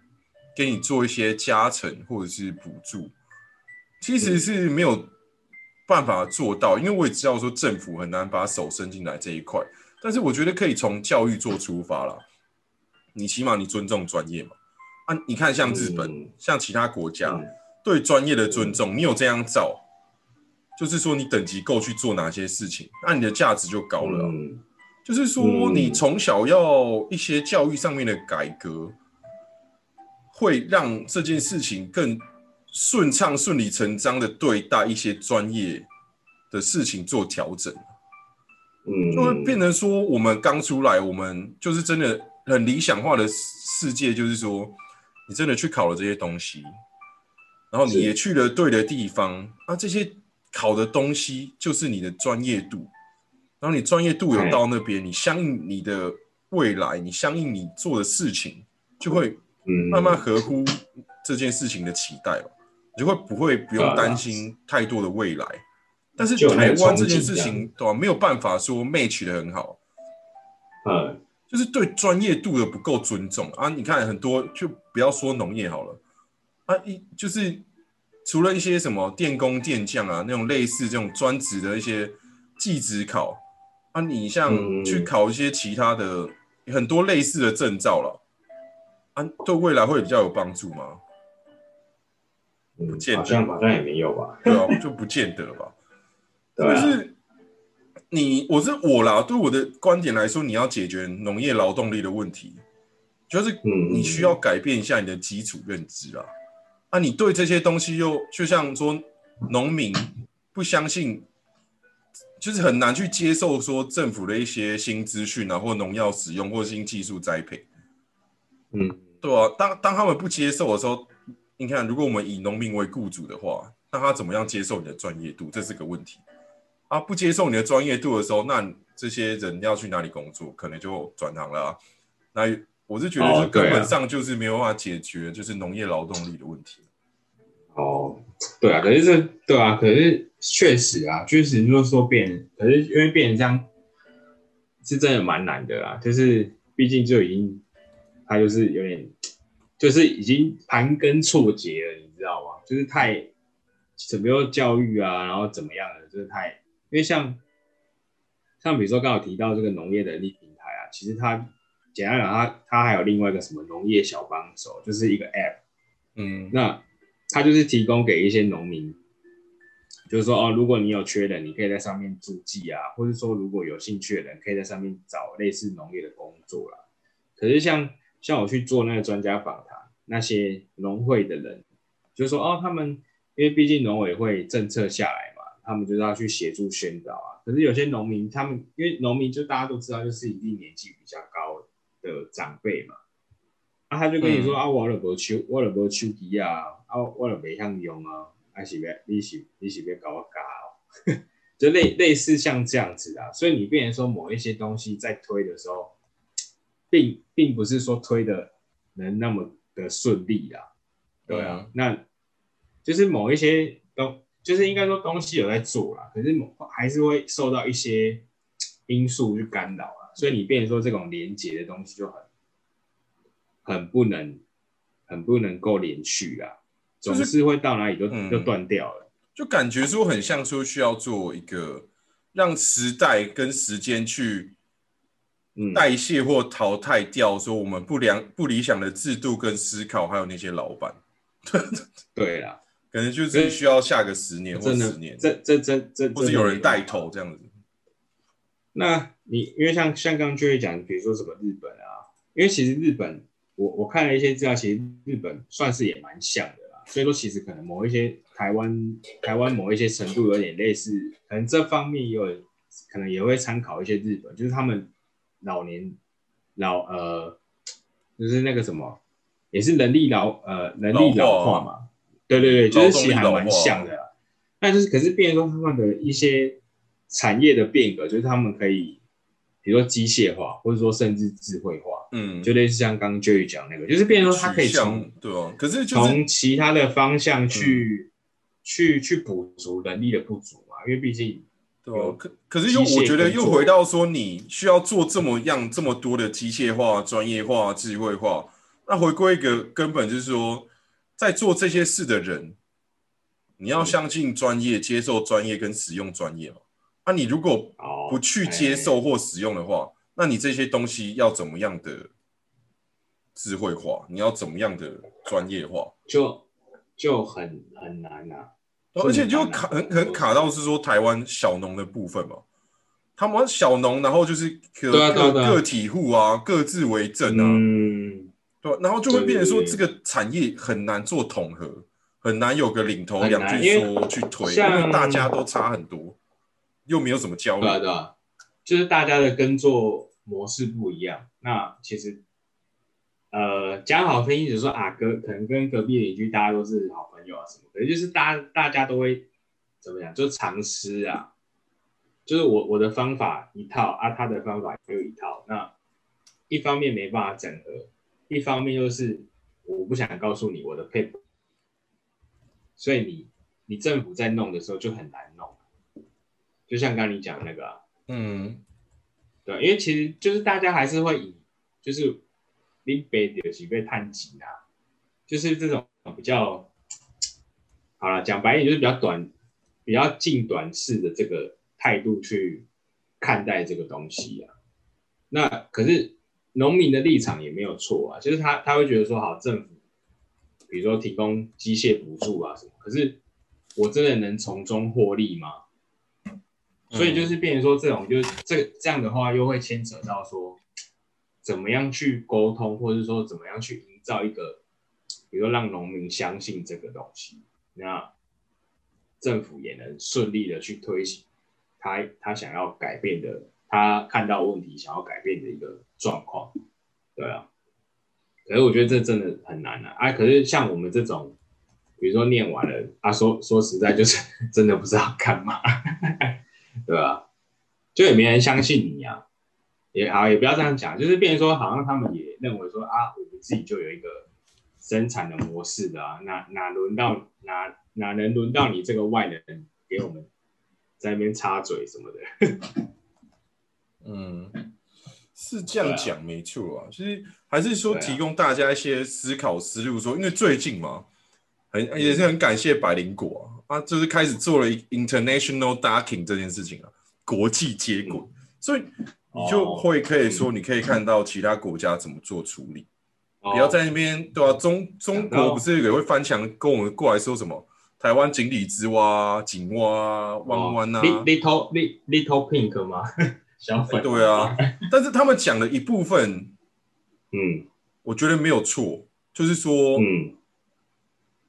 給你做一些加成或者是補助，其實是沒有辦法做到，嗯、因為我也知道說政府很難把手伸進來這一塊。但是我覺得可以從教育做出發啦，你起碼你尊重專業嘛。啊，你看像日本、像其他國家對專業的尊重，你有這樣造，就是說你等級夠去做哪些事情、啊，那你的價值就高了、啊。就是說你從小要一些教育上面的改革，會讓這件事情更順暢、順理成章的對待一些專業的事情做調整。就會變成說，我們剛出來，我們就是真的很理想化的世界，就是說，你真的去考了這些東西，然後你也去了對的地方，啊，這些考的東西就是你的專業度，然後你專業度有到那邊，你相應你的未來，你相應你做的事情，就會慢慢合乎這件事情的期待，你就會不會不用擔心太多的未來。但是台灣這件事情，對吧、啊？沒有辦法說 match 的很好，嗯，嗯、就是對專業度的不夠尊重啊。你看很多，就不要說農業好了，啊，一就是除了一些什麼電工、電匠啊，那種類似這種專職的一些技職考啊，你像去考一些其他的很多類似的證照了，啊，對未來會比較有幫助嗎？不見得，嗯、好，好像也沒有吧？對啊，就不見得吧。 可是你，我是我啦。對我的觀點來說，你要解決農業勞動力的問題，就是你需要改變一下你的基礎認知啦。啊，你對這些東西又就像說農民不相信，就是很難去接受說政府的一些新資訊啊，或農藥使用或新技術栽培。嗯，對啊，當當他們不接受的時候，你看，如果我們以農民為僱主的話，那他怎麼樣接受你的專業度？這是個問題。啊，不接受你的專業度的時候，那這些人要去哪裡工作，可能就轉行了啊。那我是覺得，是根本上就是沒有辦法解決，就是農業勞動力的問題。哦，對啊，可是這對啊，可是確實啊，確實就是說變，可是因為變成這樣，是真的蠻難的啦。就是畢竟就已經，他就是有點，就是已經盤根錯節了，你知道嗎？就是太，怎麼教育啊，然後怎麼樣的，就是太。因為像像比如說，剛好提到這個農業人力平台啊，其實它簡單講，它它還有另外一個什麼農業小幫手，就是一個 App，嗯，那它就是提供給一些農民，就是說哦，如果你有缺人，你可以在上面註記啊，或者說如果有興趣的人，可以在上面找類似農業的工作啦、啊。可是像像我去做那個專家訪談，那些農會的人就是、說哦，他們因為畢竟農委會政策下來嘛，他們就是要去協助宣導啊，可是有些農民，他們因為農民就大家都知道，就是一定年紀比較高的長輩嘛，啊，他就跟你說、嗯、啊，我的無手，我的無手機啊，啊，啊，我的沒向用啊，還是別，你是你是別搞我家、啊、 就類類似像這樣子啊，所以你變成說某一些東西在推的時候，並並不是說推的能那麼的順利啦、啊，對啊，對啊，那就是某一些東。就是應該說東西有在做啦，可是還是會受到一些因素去干擾啦，所以你變成說這種連接的東西就很很不能很不能夠連續啊，總是會到哪裡都、嗯、就就斷掉了。就感覺說很像說需要做一個讓時代跟時間去代謝或淘汰掉說我們不良不理想的制度跟思考，還有那些老闆， 對對啦。可能就是需要下個十年或十年。這這這這，或者有人帶頭這樣子。那你因為像像剛剛就會講，比如說什麼日本啊，因為其實日本我我看了一些資料，其實日本算是也蠻像的啦。所以說其實可能某一些台灣台灣某一些程度有點類似，可能這方面也有可能也會參考一些日本，就是他們老年老呃，就是那個什麼也是人力老呃，人力老化老、啊、嘛。對對對，就是其實還蠻像的、啊，那就是可是變成他們的一些產業的變革，就是他們可以，比如說機械化，或者說甚至智慧化，嗯，就類似像剛剛 Joy 講那個，就是變成說他可以從對哦、啊，可是、就是、從其他的方向去、嗯、去去補足能力的不足嘛，因為畢竟可對可、啊、可是又我覺得又回到說你需要做這麼樣、嗯、這麼多的機械化、專業化、智慧化，那回歸一個根本就是說。在做這些事的人，你要相信專業，嗯、接受專業跟使用專業嘛、啊、你如果不去接受或使用的話，oh, okay. 那你這些東西要怎麼樣的智慧化？你要怎麼樣的專業化？就就很很難啊，而且就卡很難難、啊、很卡到是說台灣小農的部分嘛，他們小農，然後就是個個、啊啊啊、體戶啊，各自為政啊。嗯對、啊，然後就會變成說，這個產業很難做統合，對對對，很難有個領頭羊去說去推，因為，因為大家都差很多，又沒有怎麼交流、啊。對、啊、就是大家的耕作模式不一樣。那其實，呃，講好聽一點是說啊，隔可能跟隔壁鄰居大家都是好朋友啊什麼的，就是大家大家都會怎麼樣就嘗試啊，就是我我的方法一套啊，他的方法又一套，那一方面沒辦法整合。一方面就是我不想告訴你我的配置，所以你你政府在弄的時候就很難弄，就像剛才你講那個、啊，嗯，對，因為其實就是大家還是會以就是你北有幾被碳擠啊，就是這種比較好了，講白一點就是比較短，比較近短視的這個態度去看待這個東西啊，那可是。農民的立場也沒有錯啊，就是他他會覺得說，好，政府比如說提供機械補助啊什麼，可是我真的能從中獲利嗎？所以就是變成說這種，就是這這樣的話又會牽扯到說，怎麼樣去溝通，或者說怎麼樣去營造一個，比如說讓農民相信這個東西，那政府也能順利的去推行他他想要改變的，他看到問題想要改變的一個。狀況，對啊，可是我覺得這真的很難啊！啊，可是像我們這種，比如說念完了啊，說說實在就是真的不知道幹嘛， 對吧？就也沒人相信你啊。也好，也不要這樣講，就是變成說，好像他們也認為說啊，我們自己就有一個生產的模式的啊，哪哪輪到哪哪能輪到你這個外人給我們在那邊插嘴什麼的， 嗯。是這樣講沒錯啊，其實還是說提供大家一些思考思路，說因為最近嘛，很也是很感謝百靈果啊，啊就是開始做了 international docking 這件事情啊，國際接軌，所以你就會可以說，你可以看到其他國家怎麼做處理，不要在那邊對啊。中中國不是也會翻牆跟我們過來說什麼？台灣井底之蛙，井蛙彎彎啊，little little pink 嗎？小哎、對啊， 但是他們講的一部分，嗯，我覺得沒有錯，就是說，嗯，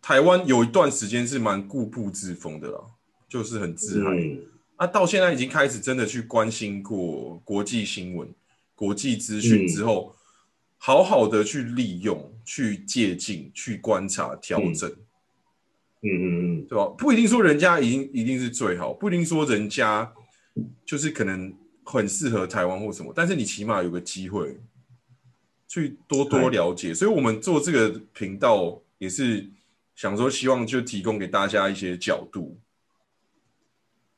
台灣有一段時間是蠻固步自封的啦，就是很自嗨，嗯、啊，到現在已經開始真的去關心過國際新聞、國際資訊之後，嗯、好好的去利用、去借鑑、去觀察、調整，嗯嗯嗯，對吧？不一定說人家已經一定是最好，不一定說人家就是可能。很適合台灣或什麼，但是你起碼有個機會去多多了解。對所以我們做這個頻道也是想說，希望就提供給大家一些角度。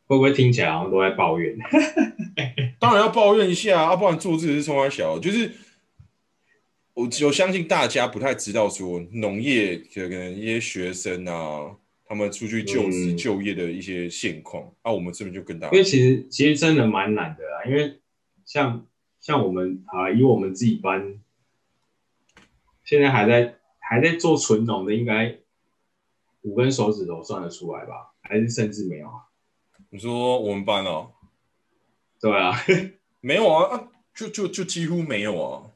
會不會聽起來好像都在抱怨？ 當然要抱怨一下啊，不然做這個是從小就是我，我相信大家不太知道說農業，可能一些學生啊。他們出去就職就業的一些現況，那、嗯啊、我們這邊就跟大家講。因為其實其實真的蠻難的啊，因為像像我們啊，以、呃、我們自己班，現在還在還在做純農的，應該五根手指頭算得出來吧？還是甚至沒有啊？你說我們班哦、啊？對啊， 沒有啊，就就就幾乎沒有啊，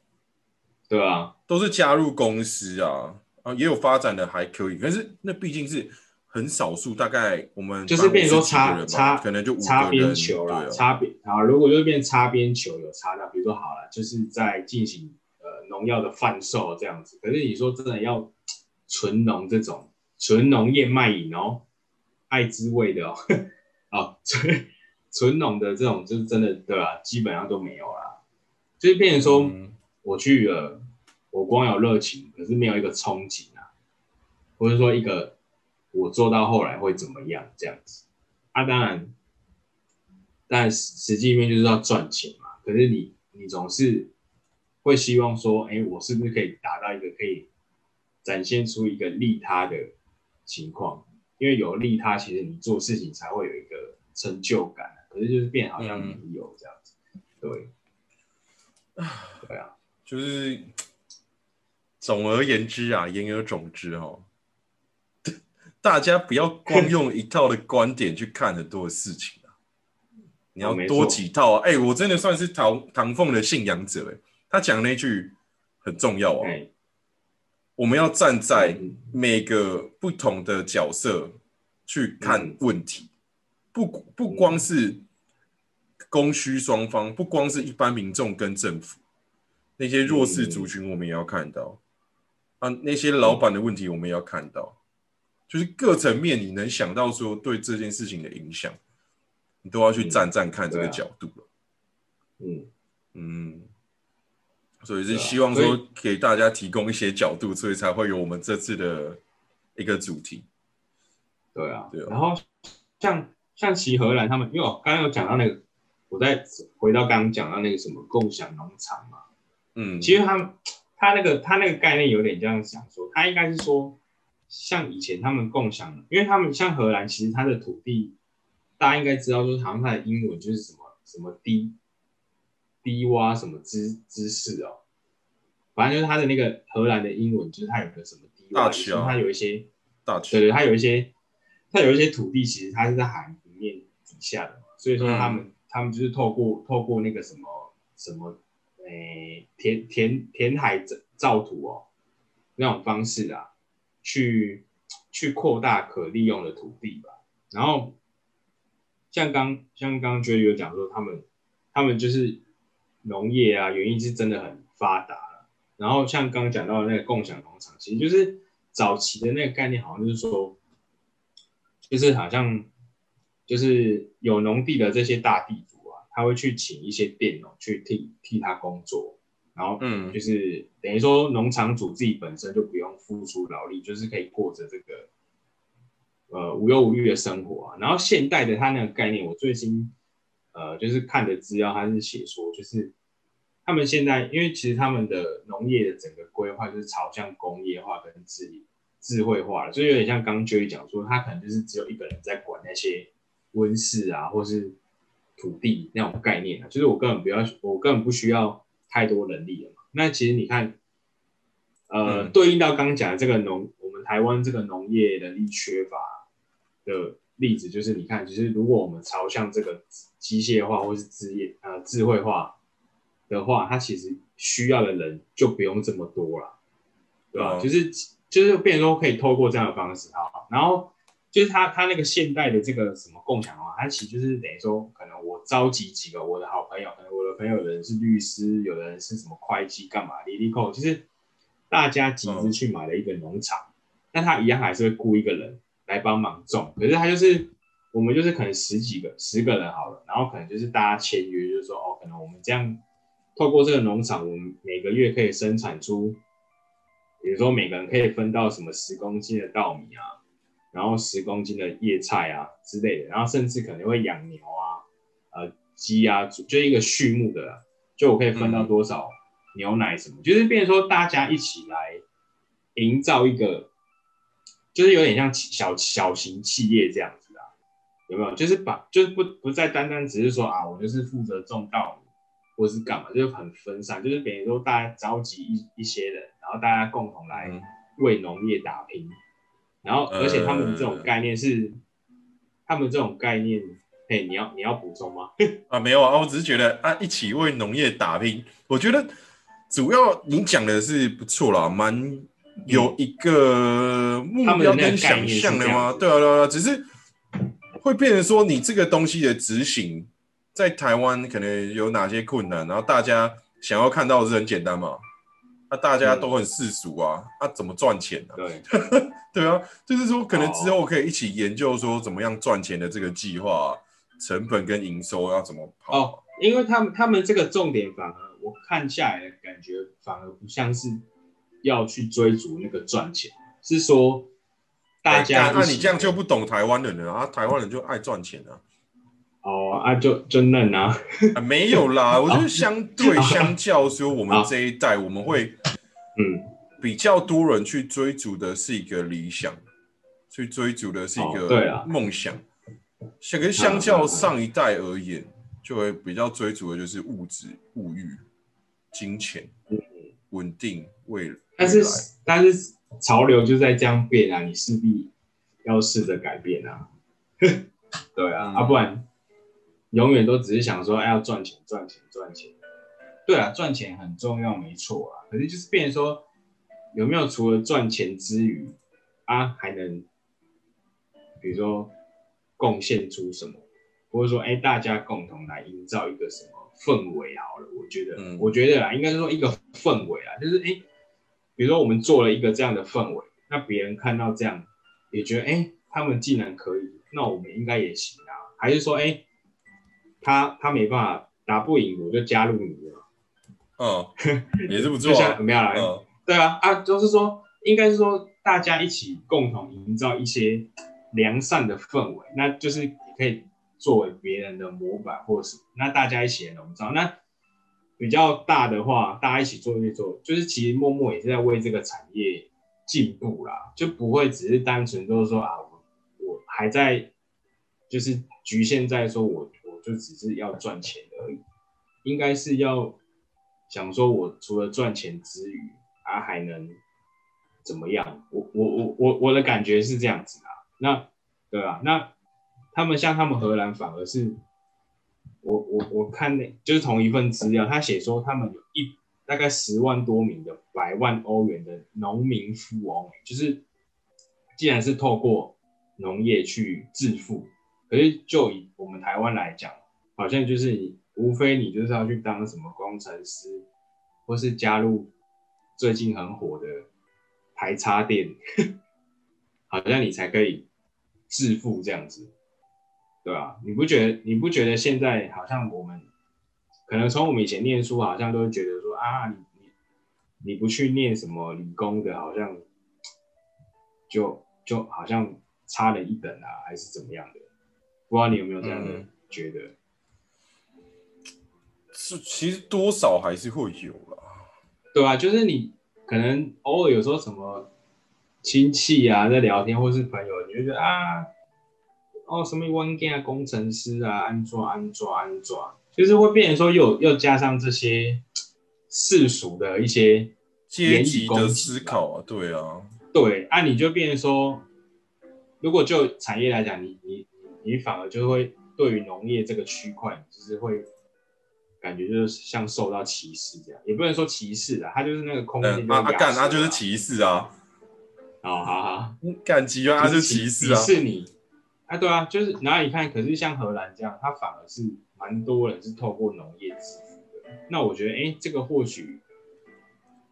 對啊，都是加入公司啊，啊，也有發展的還可以，但是那畢竟是。很少數，大概我們就是變成說擦擦，差可能就擦邊球了，擦邊啊。如果就是變擦邊球有擦到，那比如說好了，就是在進行呃農藥的販售這樣子。可是你說真的要純農這種純農業賣淫哦、喔，愛滋味的哦、喔，啊，純純農的這種就是真的對吧、啊？基本上都沒有啦，就是變成說、嗯、我去了，我光有熱情，可是沒有一個憧憬啊，或者說一個。我做到後來會怎麼樣？這樣子啊，當然，但實際面就是要賺錢嘛。可是你，你總是會希望說，哎、欸，我是不是可以達到一個可以展現出一個利他的情況？因為有利他，其實你做事情才會有一個成就感。可是就是變好像有這樣子，嗯、對，對啊，就是總而言之啊，言而總之哦。大家不要光用一套的觀點去看很多的事情啊！你要多幾套啊！哎，我真的算是唐唐鳳的信仰者、欸、他講那句很重要啊！我們要站在每個不同的角色去看問題不，不不光是供需雙方，不光是一般民眾跟政府，那些弱勢族群我們也要看到啊，那些老板的問題我們也要看到。就是各層面，你能想到說對這件事情的影響，你都要去站站看這個角度了嗯、啊。嗯嗯，所以是希望說給大家提供一些角度，啊、所、以，所以才會有我們這次的一個主題。對啊，對啊。然後像像齊荷蘭他們，因為我剛剛有講到那個，我再回到剛剛講到那個什麼共享農場嘛，嗯，其實他們他那個他那個概念有點這樣想說，他應該是說。像以前他們共享的，因為他們像荷蘭，其實它的土地，大家應該知道，說他們的英文就是什麼什麼低低窪什麼姿姿勢哦，反正就是他的那個荷蘭的英文，就是他有個什麼低窪，然後、哦、有一些大區對，對對，他有一些他有一些土地，其實它是在海平面底下的，所以說他們、嗯、他們就是透過透過那個什麼什麼哎，填、欸、填海造造土哦那種方式啊。去去擴大可利用的土地吧。然後像剛像剛剛 j 有講說，他們他們就是農業啊，園藝是真的很發達了。然後像剛剛講到的那個共享農場，其實就是早期的那個概念，好像就是說，就是好像就是有農地的這些大地主啊，他會去請一些佃農去替替他工作。然後，嗯，就是等於說農場主自己本身就不用付出勞力，就是可以過着這個，呃，無憂無慮的生活啊。然後現代的他那個概念，我最近，呃，就是看的資料，他是寫說，就是他們現在，因為其實他們的農業的整個規劃就是朝向工業化跟智智慧化了，就有點像剛剛 J 講說，他可能就是只有一個人在管那些溫室啊，或是土地那種概念啊，就是我根本不要，我根本不需要。太多人力了嘛？那其實你看，呃，嗯、對應到剛，剛講的這個農，我們台灣這個農業人力缺乏的例子，就是你看，就是如果我們朝向這個機械化或是智業呃智慧化的話，它其實需要的人就不用這麼多了，嗯、對吧？就是就是變成說可以透過這樣的方式好，然後。就是他他那個現代的這個什麼共享的話，他其實就是等於說，可能我召集幾個我的好朋友，可能我的朋友有人是律師，有的人是什麼會計，幹嘛的？然後、嗯、就是大家集資去買了一個農場，那他一樣還是會雇一個人來幫忙種。可是他就是我們就是可能十幾個十個人好了，然後可能就是大家簽約，就是說哦，可能我們這樣透過這個農場，我們每個月可以生產出，比如說每個人可以分到什麼十公斤的稻米啊。然後十公斤的葉菜啊之類的，然後甚至可能會養牛啊、呃雞啊，就一個畜牧的啦，就我可以分到多少牛奶什麼，嗯、就是變成說大家一起來營造一個，就是有點像小小型企業這樣子啊，有沒有？就是把就是不不再單單只是說啊，我就是負責種稻米或是幹嘛，就是很分散，就是比如說大家召集一一些人，然後大家共同來為農業打拼。嗯然後，而且他們這種概念是，呃、他們這種概念，嘿，你要你要補充嗎？ 啊，沒有啊，我只是覺得啊，一起為農業打拼，我覺得主要你講的是不錯啦，蠻有一個目標跟想象的嗎？的的對啊對啊，只是會變成說你這個東西的執行在台灣可能有哪些困難，然後大家想要看到的是很簡單嘛？那、啊、大家都很世俗啊，那對、啊、怎麼賺錢呢、啊？對， 對啊，就是說可能之後可以一起研究說怎麼樣賺錢的這個計劃、啊，成本跟營收要、啊、怎麼跑，跑、哦。因為他們他們這個重點反而我看下來感覺反而不像是要去追逐那個賺錢，是說大家那、哎啊、你這樣就不懂台灣人啊，台灣人就愛賺錢啊。哦，oh, 啊，就就嫩啊， 啊，沒有啦，我覺得相對相較說，我們這一代， oh, 我們會，嗯，比較多人去追逐的是一個理想，oh, 去追逐的是一個夢想，這個、oh, 跟相較上一代而言， 就會比較追逐的就是物質、物欲、金錢、穩定、未來。但是但是潮流就在這樣變啊，你勢必要試着改變啊， 對啊，嗯、啊不然。永遠都只是想說要賺錢，賺錢，賺錢。對啊，賺錢很重要，沒錯啊。可是就是變成說有沒有除了賺錢之餘啊，還能比如說貢獻出什麼，或者說哎、欸，大家共同來營造一個什麼氛圍好了，我覺得，嗯、我覺得啦，應該是說一個氛圍啊，就是哎、欸，比如說我們做了一個這樣的氛圍，那別人看到這樣也覺得哎、欸，他們既然可以，那我們應該也行啊。還是說哎、欸他他沒辦法打不贏，我就加入你了。嗯，也是不錯、啊。接下 來，嗯、對啊啊，就是說，應該是說大家一起共同營造一些良善的氛圍，那就是可以作為別人的模板或，或是那大家一起營造。那比較大的話，大家一起做一做，就是其實默默也是在為這個產業進步啦，就不會只是單純就是說啊，我我還在，就是局限在說我。就只是要賺錢而已，應該是要想說，我除了賺錢之餘，啊還能怎麼樣？我我我我我的感覺是這樣子啊，那對啊，那他們像他們荷蘭反而是，我我我看的就是同一份資料，他寫說他們有一大概十萬多名的百萬歐元的農民富翁，就是既然是透過農業去致富。可是，就以我們台灣來講，好像就是你，無非你就是要去當什麼工程師，或是加入最近很火的台積電，好像你才可以致富這樣子，對啊，你不覺得？你不覺得現在好像我們可能從我們以前念書，好像都會覺得說啊，你你你不去念什麼理工的，好像就就好像差了一等啊，還是怎麼樣的？不知道你有沒有這樣的覺得？嗯嗯，是其實多少還是會有了，對啊，就是你可能偶爾有時候什麼親戚啊在聊天，或是朋友，你就覺得啊，哦什麼 engine 工程師啊、安裝、安裝、安裝，就是會變成說又又加上這些世俗的一些階級的思考、啊，對啊，對，那、啊、你就變成說，如果就產業來講，你你。你反而就會對於農業這個區塊，就是會感覺就是像受到歧視這樣，也不能說歧視啊，他就是那個空間他那幹他就是歧視啊！哦，好好，幹歧啊，其他就是歧視啊！歧視你，啊，對啊，就是哪裡看？可是像荷蘭這樣，他反而是蠻多人是透過農業致富的。那我覺得，哎、欸，這個或許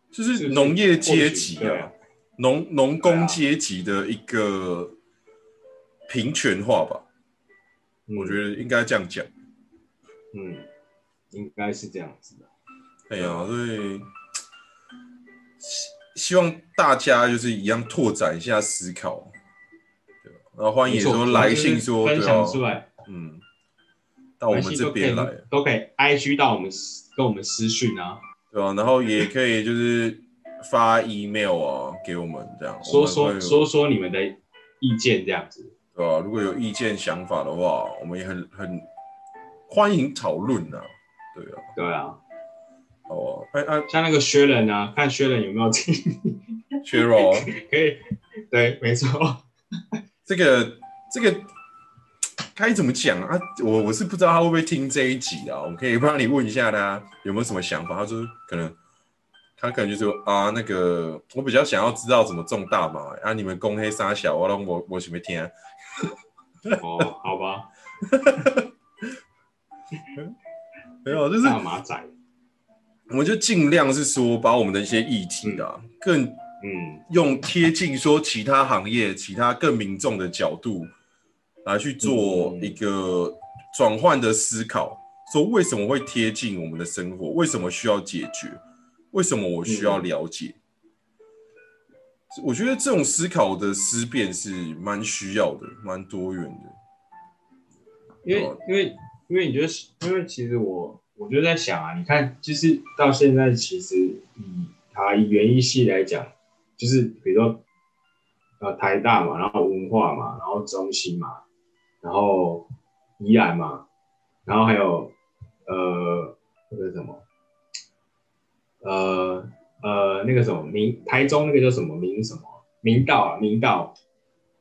就是農業階級啊，農農、啊、工階級的一個平權化吧。我覺得應該這樣講，嗯，應該是這樣子的。哎呀、啊，所以、嗯、希望大家就是一樣拓展一下思考，對、啊，然後歡迎也說來信說，分享出來、啊，嗯，到我們這邊來都，都可以 IG 到我們跟我們私訊啊，對啊，然後也可以就是發 email 啊給我們這樣，說說說說你們的意見這樣子。啊，如果有意見、想法的話，我們也很很歡迎討論啊。對啊，對啊，哦、啊，哎哎、啊，像那個薛仁啊，看薛仁有沒有聽 Cheryl？薛仁可,可,可以，對，沒錯、這個。這個這個該怎麼講啊？我我是不知道他會不會聽這一集啊，我們可以幫你問一下他有沒有什麼想法。他說可能。他可能就說啊，那個我比較想要知道怎麼種大麻啊，你們公黑殺小，我我我什麼天啊？哦，好吧， 沒有，就是大馬仔，我就盡量是說把我們的一些議題啊，更嗯，更嗯用貼近說其他行業、其他更民眾的角度來去做一個轉換的思考，嗯、說為什麼會貼近我們的生活，為什麼需要解決。為什麼我需要了解？嗯、我覺得這種思考的思辨是蠻需要的，蠻多元的。因為，因為，因為你覺得，因為其實我，我就在想啊，你看，其實、就是到現在，其實以他園藝系來講，就是比如說，呃，台大嘛，然後文化嘛，然後中興嘛，然後宜蘭嘛，嘛，然後還有呃，那個什麼。呃呃，那個什麼，明台中那個叫什麼明什麼明道啊，明道，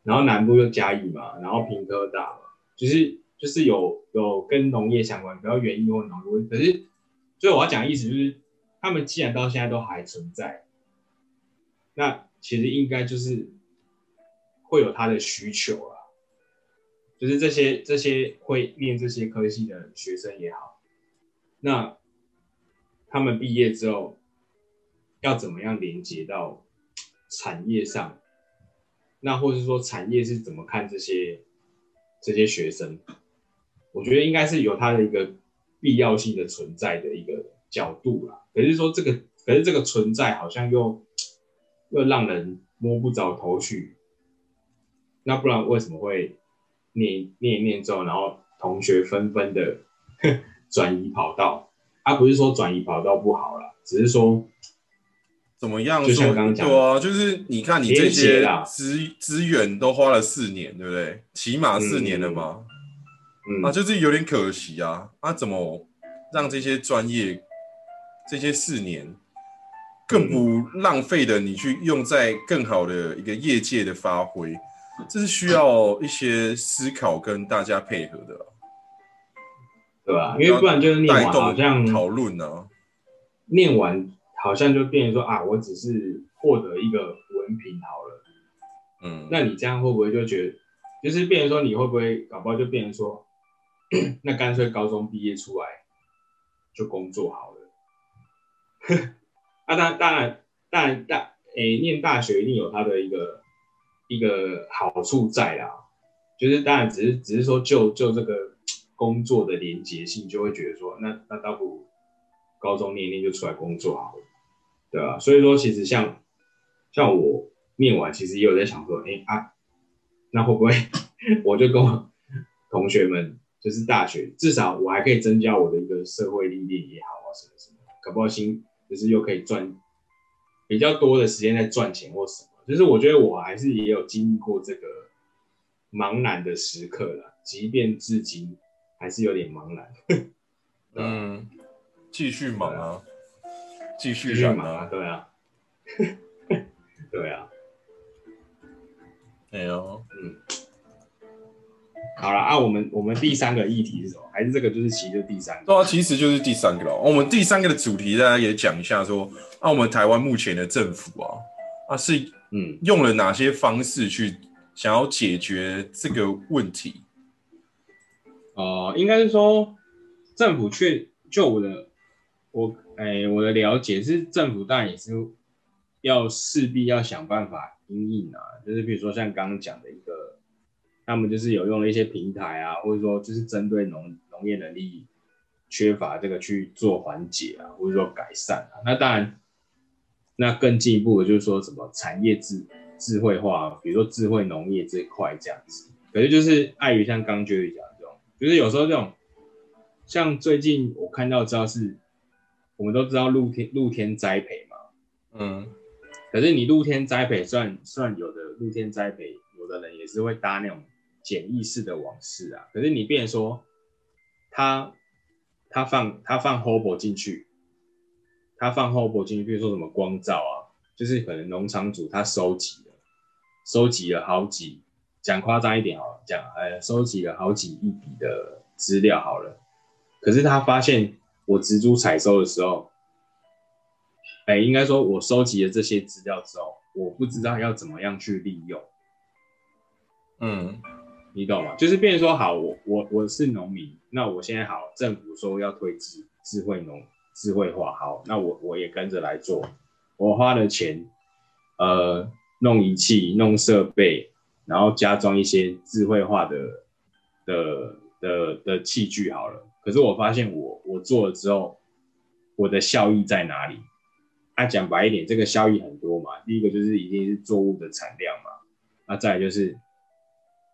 然後南部又嘉義嘛，然後屏科大嘛，就是就是有有跟農業相關，比較園藝或農，可是，所以我要講的意思就是，他們既然到現在都還存在，那其實應該就是會有他的需求啊，就是這些這些會念這些科系的學生也好，那。他們畢業之後要怎麼樣連接到產業上？那或者說產業是怎麼看這些這些學生？我覺得應該是有它的一個必要性的存在的一個角度啦。可是說這個，可是這個存在好像又又讓人摸不着頭緒。那不然為什麼會念念一念之後，然後同學紛紛的哼轉移跑道？他、啊、不是說轉移跑道不好了，只是說怎麼樣做，對啊？就是你看你這些資資源都花了四年，對不對？起碼四年了嘛，嗯嗯、啊，就是有點可惜啊！啊，怎麼讓這些專業這些四年更不浪費的你去用在更好的一個業界的發揮？這是需要一些思考跟大家配合的、啊。對吧？因為不然就是念完好像討論呢、啊，念完好像就變成說啊，我只是獲得一個文憑好了。嗯，那你這樣會不會就覺得，就是變成說你會不會搞不好就變成說， 那乾脆高中畢業出來就工作好了？ 啊，當然，當然，當然，大誒，念大學一定有它的一個一個好處在啦，就是當然只是只是說就就這個。工作的連結性，就會覺得說，那那倒不如高中念一念就出來工作好了，對啊，所以說，其實像像我念完，其實也有在想說，哎、欸、啊，那會不會 我就跟我同學們就是大學，至少我還可以增加我的一個社會歷練也好啊，什麼什麼，可不好心，就是又可以賺比較多的時間在賺錢或什麼。就是我覺得我還是也有經歷過這個茫然的時刻了，即便至今。還是有點茫然。嗯，繼 吧續忙啊，繼、啊續，啊、續忙啊，對啊， 對啊，哎呦、哦，嗯，好了啊，我們我們第三個議題是什麼？還是這個就是其實是第三個，對啊，其實就是第三個了。我們第三個的主題，大家也講一下說，說、啊、那我們台灣目前的政府啊啊是嗯用了哪些方式去想要解決這個問題？嗯哦、呃，應該是說政府卻就我的我哎、欸、我的了解是政府當然也是要勢必要想辦法因應啊,就是比如說像剛剛講的一個，他們就是有用了一些平台啊，或者說就是針對農農業能力缺乏這個去做緩解啊，或者說改善啊。那當然，那更進一步的就是說什麼產業智智慧化、啊，比如說智慧農業這一塊這樣子，可是就是礙於像剛剛 Joe 講。就是有時候這種，像最近我看到，知道的是我們都知道露天露天栽培嘛，嗯，可是你露天栽培算算有的露天栽培，有的人也是會搭那種簡易式的網室啊。可是你變成說，他他放他放 HOBO 進去，他放 HOBO 進去，比如說什麼光照啊，就是可能農場主他收集了，收集了好幾。講誇張一點哦，講，呃、收集了好幾億筆的資料好了，可是他發現我植株採收的時候，哎、欸，應該說我收集了這些資料之後，我不知道要怎麼樣去利用。嗯，你懂嗎？就是變成說，好，我我我是農民，那我現在好，政府說要推智智慧農智慧化，好，那我我也跟着來做，我花了錢，呃，弄儀器，弄設備。然後加裝一些智慧化的的的的，的器具好了，可是我發現我我做了之後，我的效益在哪裡？啊，講白一點，這個效益很多嘛。第一個就是一定是作物的產量嘛，那、啊、再來就是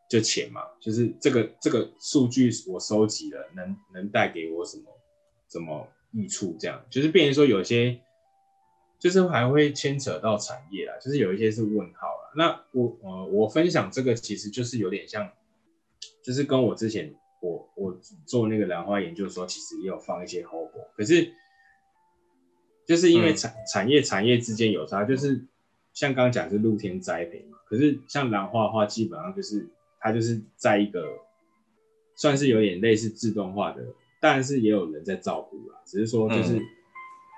就錢嘛，就是這個這個數據我收集了，能能帶給我什麼什麼益處？這樣就是變成說有些就是還會牽扯到產業啊，就是有一些是問號。那我呃，我分享這個其實就是有點像，就是跟我之前我我做那個蘭花研究的時候，其實也有放一些 HOBO，可是就是因為產、嗯、產業產業之間有差，就是像剛剛講是露天栽培嘛，可是像蘭花的話，基本上就是它就是在一個算是有點類似自動化的，但是也有人在照顧啦，只是說就是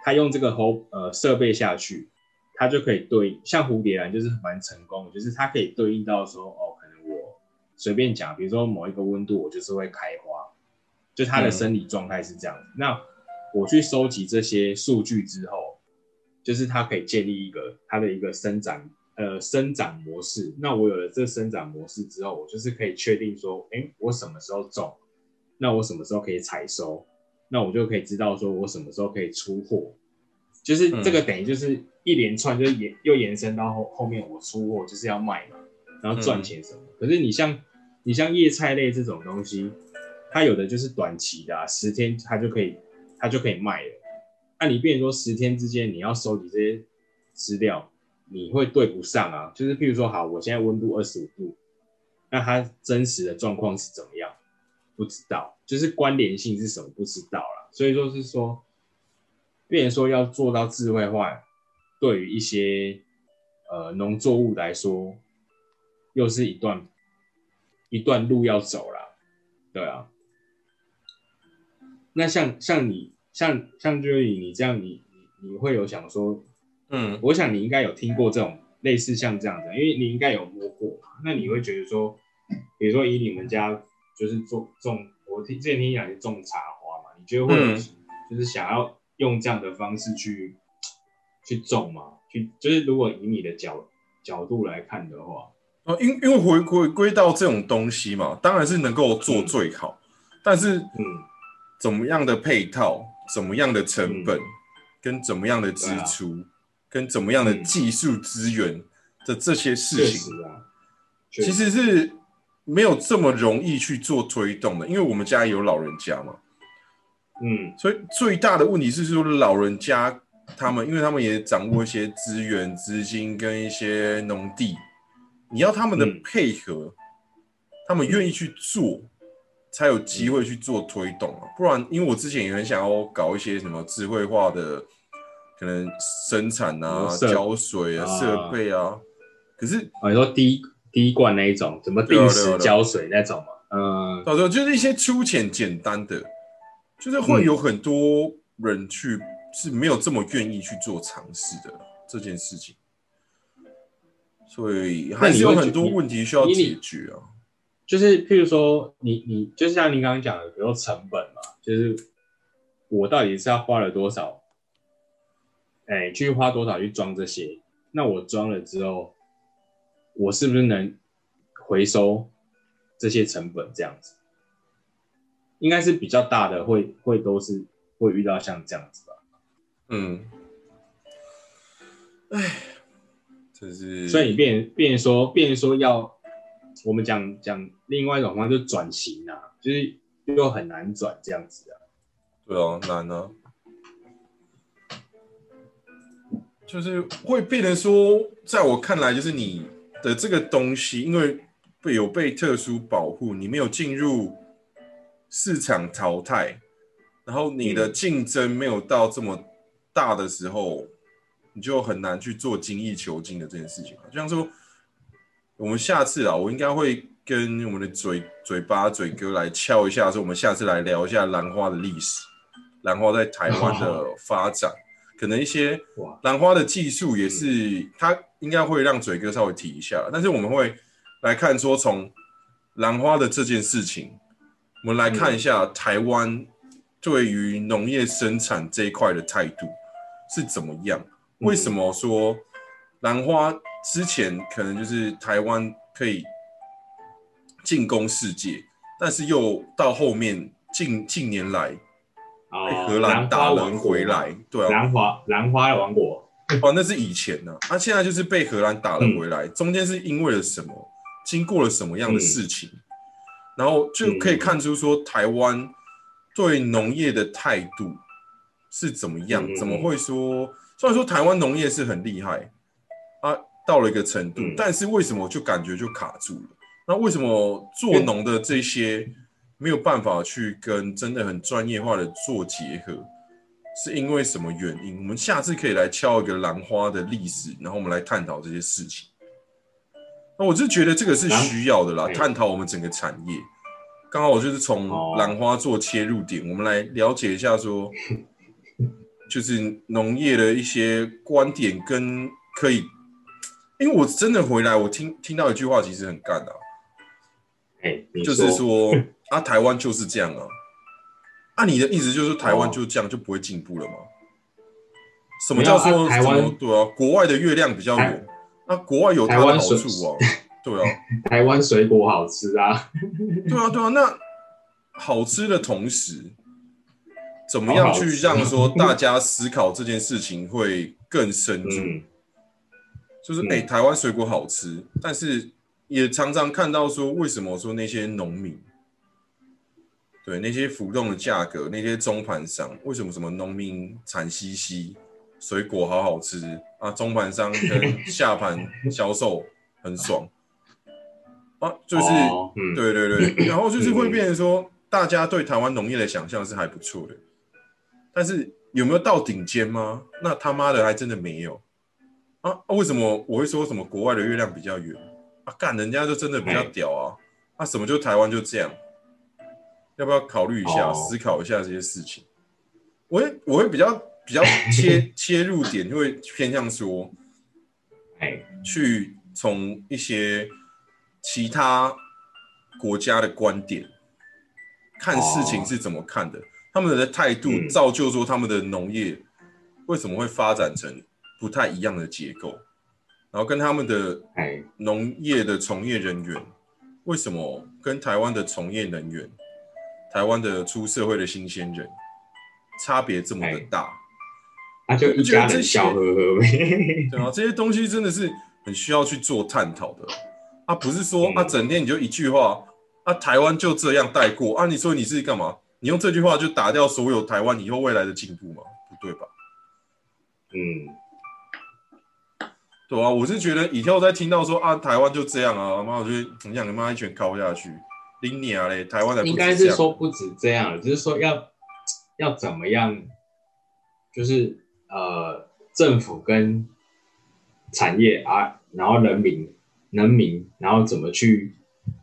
他用這個 HOBO 呃設備下去。它就可以對應，像蝴蝶蘭就是蠻成功，就是它可以對應到說，哦，可能我隨便講，比如說某一個溫度我就是會開花，就它的生理狀態是這樣子。嗯，那我去收集這些數據之後，就是它可以建立一個它的一個生長，呃，生長模式。那我有了這生長模式之後，我就是可以確定說，哎，我什麼時候種，那我什麼時候可以採收，那我就可以知道說我什麼時候可以出貨，就是這個等於就是。嗯一連串就延又延伸到後後面，我出貨就是要賣嘛，然後賺錢什麼。嗯、可是你像你像葉菜類這種東西，它有的就是短期的，啊，十天它就可以它就可以賣了。那、啊、你變成說十天之間你要收集這些資料，你會對不上啊。就是譬如說，好，我現在溫度二十五度，那它真實的狀況是怎麼樣？不知道，就是關聯性是什麼？不知道啦。所以就是說，是說變成說要做到智慧化。對於一些呃農作物來說，又是一段一段路要走了，對啊。那像像你像像就是你這樣你，你你你會有想說，嗯，我想你應該有聽過這種類似像這樣的，因為你應該有摸過，那你會覺得說，比如說以你們家就是種種，我聽之前聽講就是種茶花嘛，你覺得會、就是嗯、就是想要用這樣的方式去。去種嘛，去，就是如果以你的角角度來看的話，哦、呃，因因為回回歸到這種東西嘛，當然是能夠做最好，嗯、但是，嗯，怎麼樣的配套，怎麼樣的成本，嗯、跟怎麼樣的支出，啊、跟怎麼樣的技術資源的這些事情、嗯、啊，其實是沒有這麼容易去做推動的，因為我們家有老人家嘛，嗯，所以最大的問題是說老人家。他們，因為他們也掌握一些資源、嗯、資金跟一些農地，你要他們的配合，嗯、他們願意去做，嗯、才有機會去做推動啊。不然，因為我之前也很想要搞一些什麼智慧化的，可能生產啊、澆水啊、設備啊。啊啊可是啊，你說滴滴灌那一種，怎麼定時澆水那種嘛、啊？嗯，到時候就是一些粗淺簡單的，就是會有很多人去。嗯是沒有這麼願意去做嘗試的這件事情，所以還是有很多問題需要解決啊。就是譬如說，你你就是像你剛剛講的，比如說成本嘛，就是我到底是要花了多少？哎、欸，去花多少去裝這些？那我裝了之後，我是不是能回收這些成本？這樣子應該是比較大的會，會會都是會遇到像這樣子吧。嗯，哎，就是，所以變變說變說要，我們講講另外一種方式轉型啊，就是又很難轉這樣子啊。對啊，難啊，就是會變成說，在我看來，就是你的這個東西，因為被有被特殊保護，你沒有進入市場淘汰，然後你的競爭沒有到這麼。大的時候，你就很難去做精益求精的這件事情。就像說，我們下次啊，我應該會跟我們的嘴嘴巴嘴哥來敲一下說，說我們下次來聊一下蘭花的歷史，蘭花在台灣的發展，可能一些蘭花的技術也是，他應該會讓嘴哥稍微提一下。但是我們會來看說，從蘭花的這件事情，我們來看一下台灣對於農業生產這一塊的態度。是怎麼樣？為什麼說，蘭花之前可能就是台灣可以進攻世界，但是又到後面近近年來，欸、荷蘭打完回來，對、啊，蘭花蘭花王國哦，那是以前呢、啊，那、啊、現在就是被荷蘭打了回來，嗯、中間是因為了什麼？經過了什麼樣的事情？嗯、然後就可以看出說，台灣對農業的態度。是怎麼樣？怎麼會說？雖然說台灣農業是很厲害啊，到了一個程度，嗯，但是為什麼就感覺就卡住了？那為什麼做農的這些沒有辦法去跟真的很專業化的做結合？是因為什麼原因？我們下次可以來敲一個蘭花的歷史，然後我們來探討這些事情。那我是覺得這個是需要的啦，探討我們整個產業。剛好我就是從蘭花做切入點，我們來了解一下說，就是農業的一些觀點跟可以，因為我真的回來，我聽聽到一句話，其實很乾的，就是說啊，台灣就是這樣啊，啊，按你的意思就是台灣就這樣就不會進步了嗎？什麼叫做什麼？對啊，國外的月亮比較圓，那國外有它的好處啊，對啊，台灣水果好吃啊，對啊，對啊，啊、那好吃的同時。怎麼樣去讓說大家思考這件事情會更深入？就是哎，台灣水果好吃，但是也常常看到說，為什麼說那些農民，對那些浮動的價格，那些中盤商，為什麼什麼農民慘兮兮，水果好好吃啊，中盤商跟下盤銷售很爽啊，就是對對對，然後就是會變成說，大家對台灣農業的想象是還不錯的。但是有沒有到頂尖嗎？那他媽的還真的沒有啊！啊為什麼我會說什麼國外的月亮比較圓啊？幹人家就真的比較屌啊！Hey. 啊，什麼就台灣就這樣？要不要考慮一下，oh. 思考一下這些事情？我會我會比較比較切切入點， 就會偏向說，Hey. 去從一些其他國家的觀點看事情是怎麼看的。Oh. 他們的態度造就說他們的農業為什麼會發展成不太一樣的結構，然後跟他們的農業的從業人員為什麼跟台灣的從業人員，台灣的出社會的新鮮人差別這麼的大，那、哎啊、就一家很小呵呵 對啊，這些東西真的是很需要去做探討的。他、啊、不是說、嗯、啊，整天你就一句話，啊，台灣就這樣帶過啊，你說你是幹嘛？你用這句話就打掉所有台灣以後未來的進步嘛？不對吧？嗯，對啊，我是覺得以後再聽到說，啊，台灣就這樣啊，媽我就你想，你媽一拳敲下去，拎你啊嘞！台灣才應該是說不止這樣，就是說要要怎麼樣，就是呃，政府跟產業啊，然後人民，人民，然後怎麼去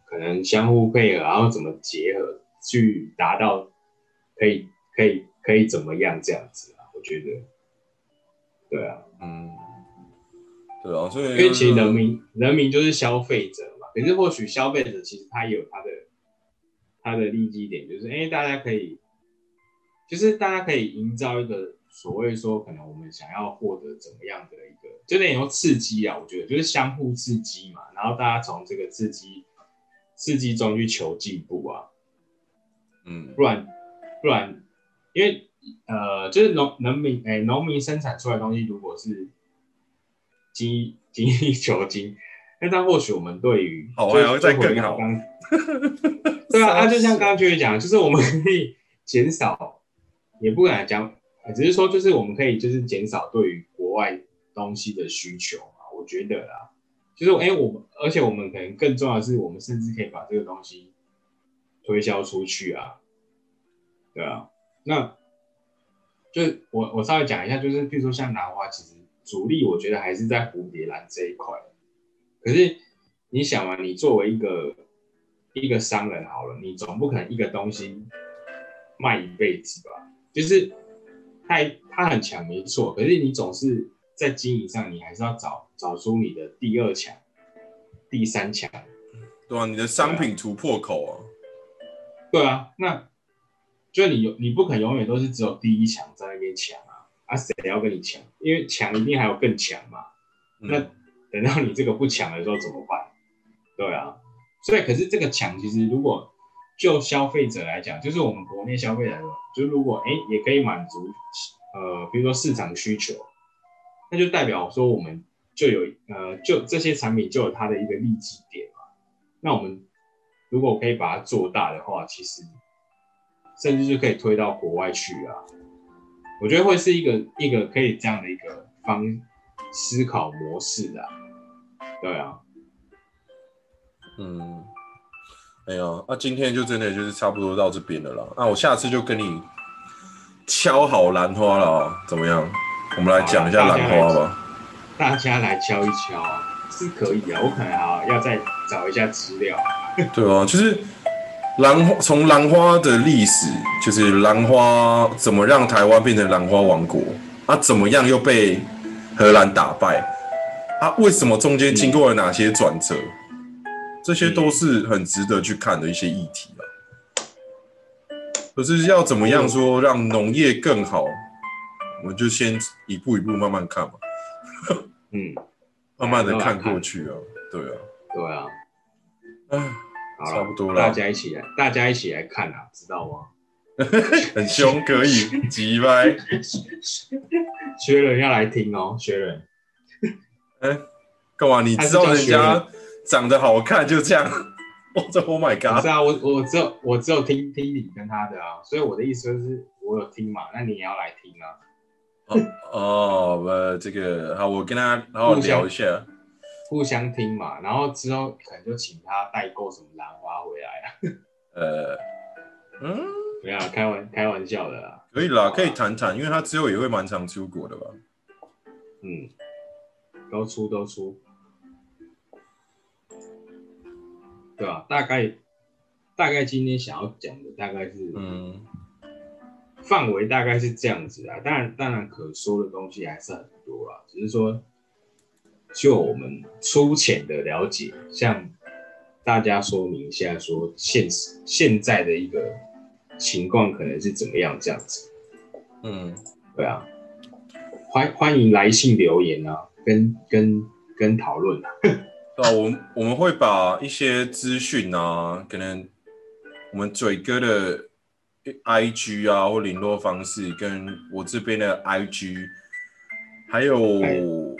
可能相互配合，然後怎麼結合去達到。可以可以可以怎麼樣這樣子啊？我覺得，對啊，嗯，對啊，所以因為其實人民、嗯、人民就是消費者嘛，可是或許消費者其實他也有他的、嗯、他的利益點，就是哎、欸，大家可以，就是大家可以營造一個所謂說，可能我們想要獲得怎麼樣的一個，就那種刺激啊，我覺得就是相互刺激嘛，然後大家從這個刺激刺激中去求進步啊，嗯，不然。不然，因為呃，就是農農民哎，農、欸、民生產出來的東西，如果是精精益求精，那但或許我們對於好我要再更好，剛 對啊，他就像剛剛爵士講，就是我們可以減少，也不敢講，只是說就是我們可以就是減少對於國外東西的需求啊，我覺得啦，就是哎、欸，我們而且我們可能更重要的是，我們甚至可以把這個東西推銷出去啊。對啊，那就我我稍微講一下，就是比如說像蘭花，其實主力我覺得還是在蝴蝶蘭這一塊。可是你想嘛，你作為一個一個商人好了，你總不可能一個東西賣一輩子吧？就是他他很強沒錯，可是你總是在經營上，你還是要找找出你的第二強、第三強，對啊，你的商品突破口啊，對啊，那。就你永你不可能永遠都是只有第一強在那邊搶啊，啊誰要跟你搶？因為強一定還有更強嘛。那等到你這個不搶的時候怎麼辦？對啊，所以可是這個搶其實如果就消費者來講，就是我們國內消費者來講，就如果哎、欸、也可以滿足，呃比如說市場需求，那就代表說我們就有呃就這些產品就有它的一個利基點嘛。那我們如果可以把它做大的話，其實。甚至是可以推到國外去啊！我覺得會是一個一個可以這樣的一個方思考模式的啊。對啊，嗯，沒有，哎喲，那，啊今天就真的就是差不多到這邊了啦。那、啊、我下次就跟你敲好蘭花了，怎麼樣？我們來講一下蘭花吧大。大家來敲一敲是可以啊，我可能啊要再找一下資料。對啊，就是。蘭花，從蘭花的歷史，就是蘭花怎麼讓台灣變成蘭花王國，啊，怎麼樣又被荷蘭打敗，啊，為什麼中間經過了哪些轉折，嗯、這些都是很值得去看的一些議題了、啊。嗯、可是要怎麼樣說讓農業更好，嗯、我們就先一步一步慢慢看吧。 嗯，嗯慢慢的看過去啊，對啊，對啊，好啦差不多了，大家一起來，大家一起來看啊，知道嗎？ 很凶，可以幾拍？ 學人要來聽哦、喔，學人。嗯、欸，幹嘛？你知道人家長得好看就這樣？哦，這 Oh my God！是啊，我我只有我只有聽聽你跟他的啊，所以我的意思就是我有聽嘛，那你也要來聽啊。哦，這個好，我跟他好好聊一下。互相聽嘛，然後之後可能就請他代購什麼蘭花回來啊。 呃，嗯，不要、啊、開玩開玩笑的啦。可以啦，嘛可以談談，因為他之後也會蠻常出國的吧。嗯，都出都出，對吧、啊？大概大概今天想要講的大概是嗯，範圍大概是這樣子啊。當然當然可說的東西還是很多啊，只是說。就我們粗淺的了解，像大家說明一下說，現在說現現在的一個情況可能是怎麼樣這樣子？嗯，對啊，歡歡迎來信留言啊，跟跟跟討論啊， 啊我們，我們會把一些資訊啊，可能我們嘴哥的 I G 啊或聯絡方式，跟我這邊的 I G，還有。還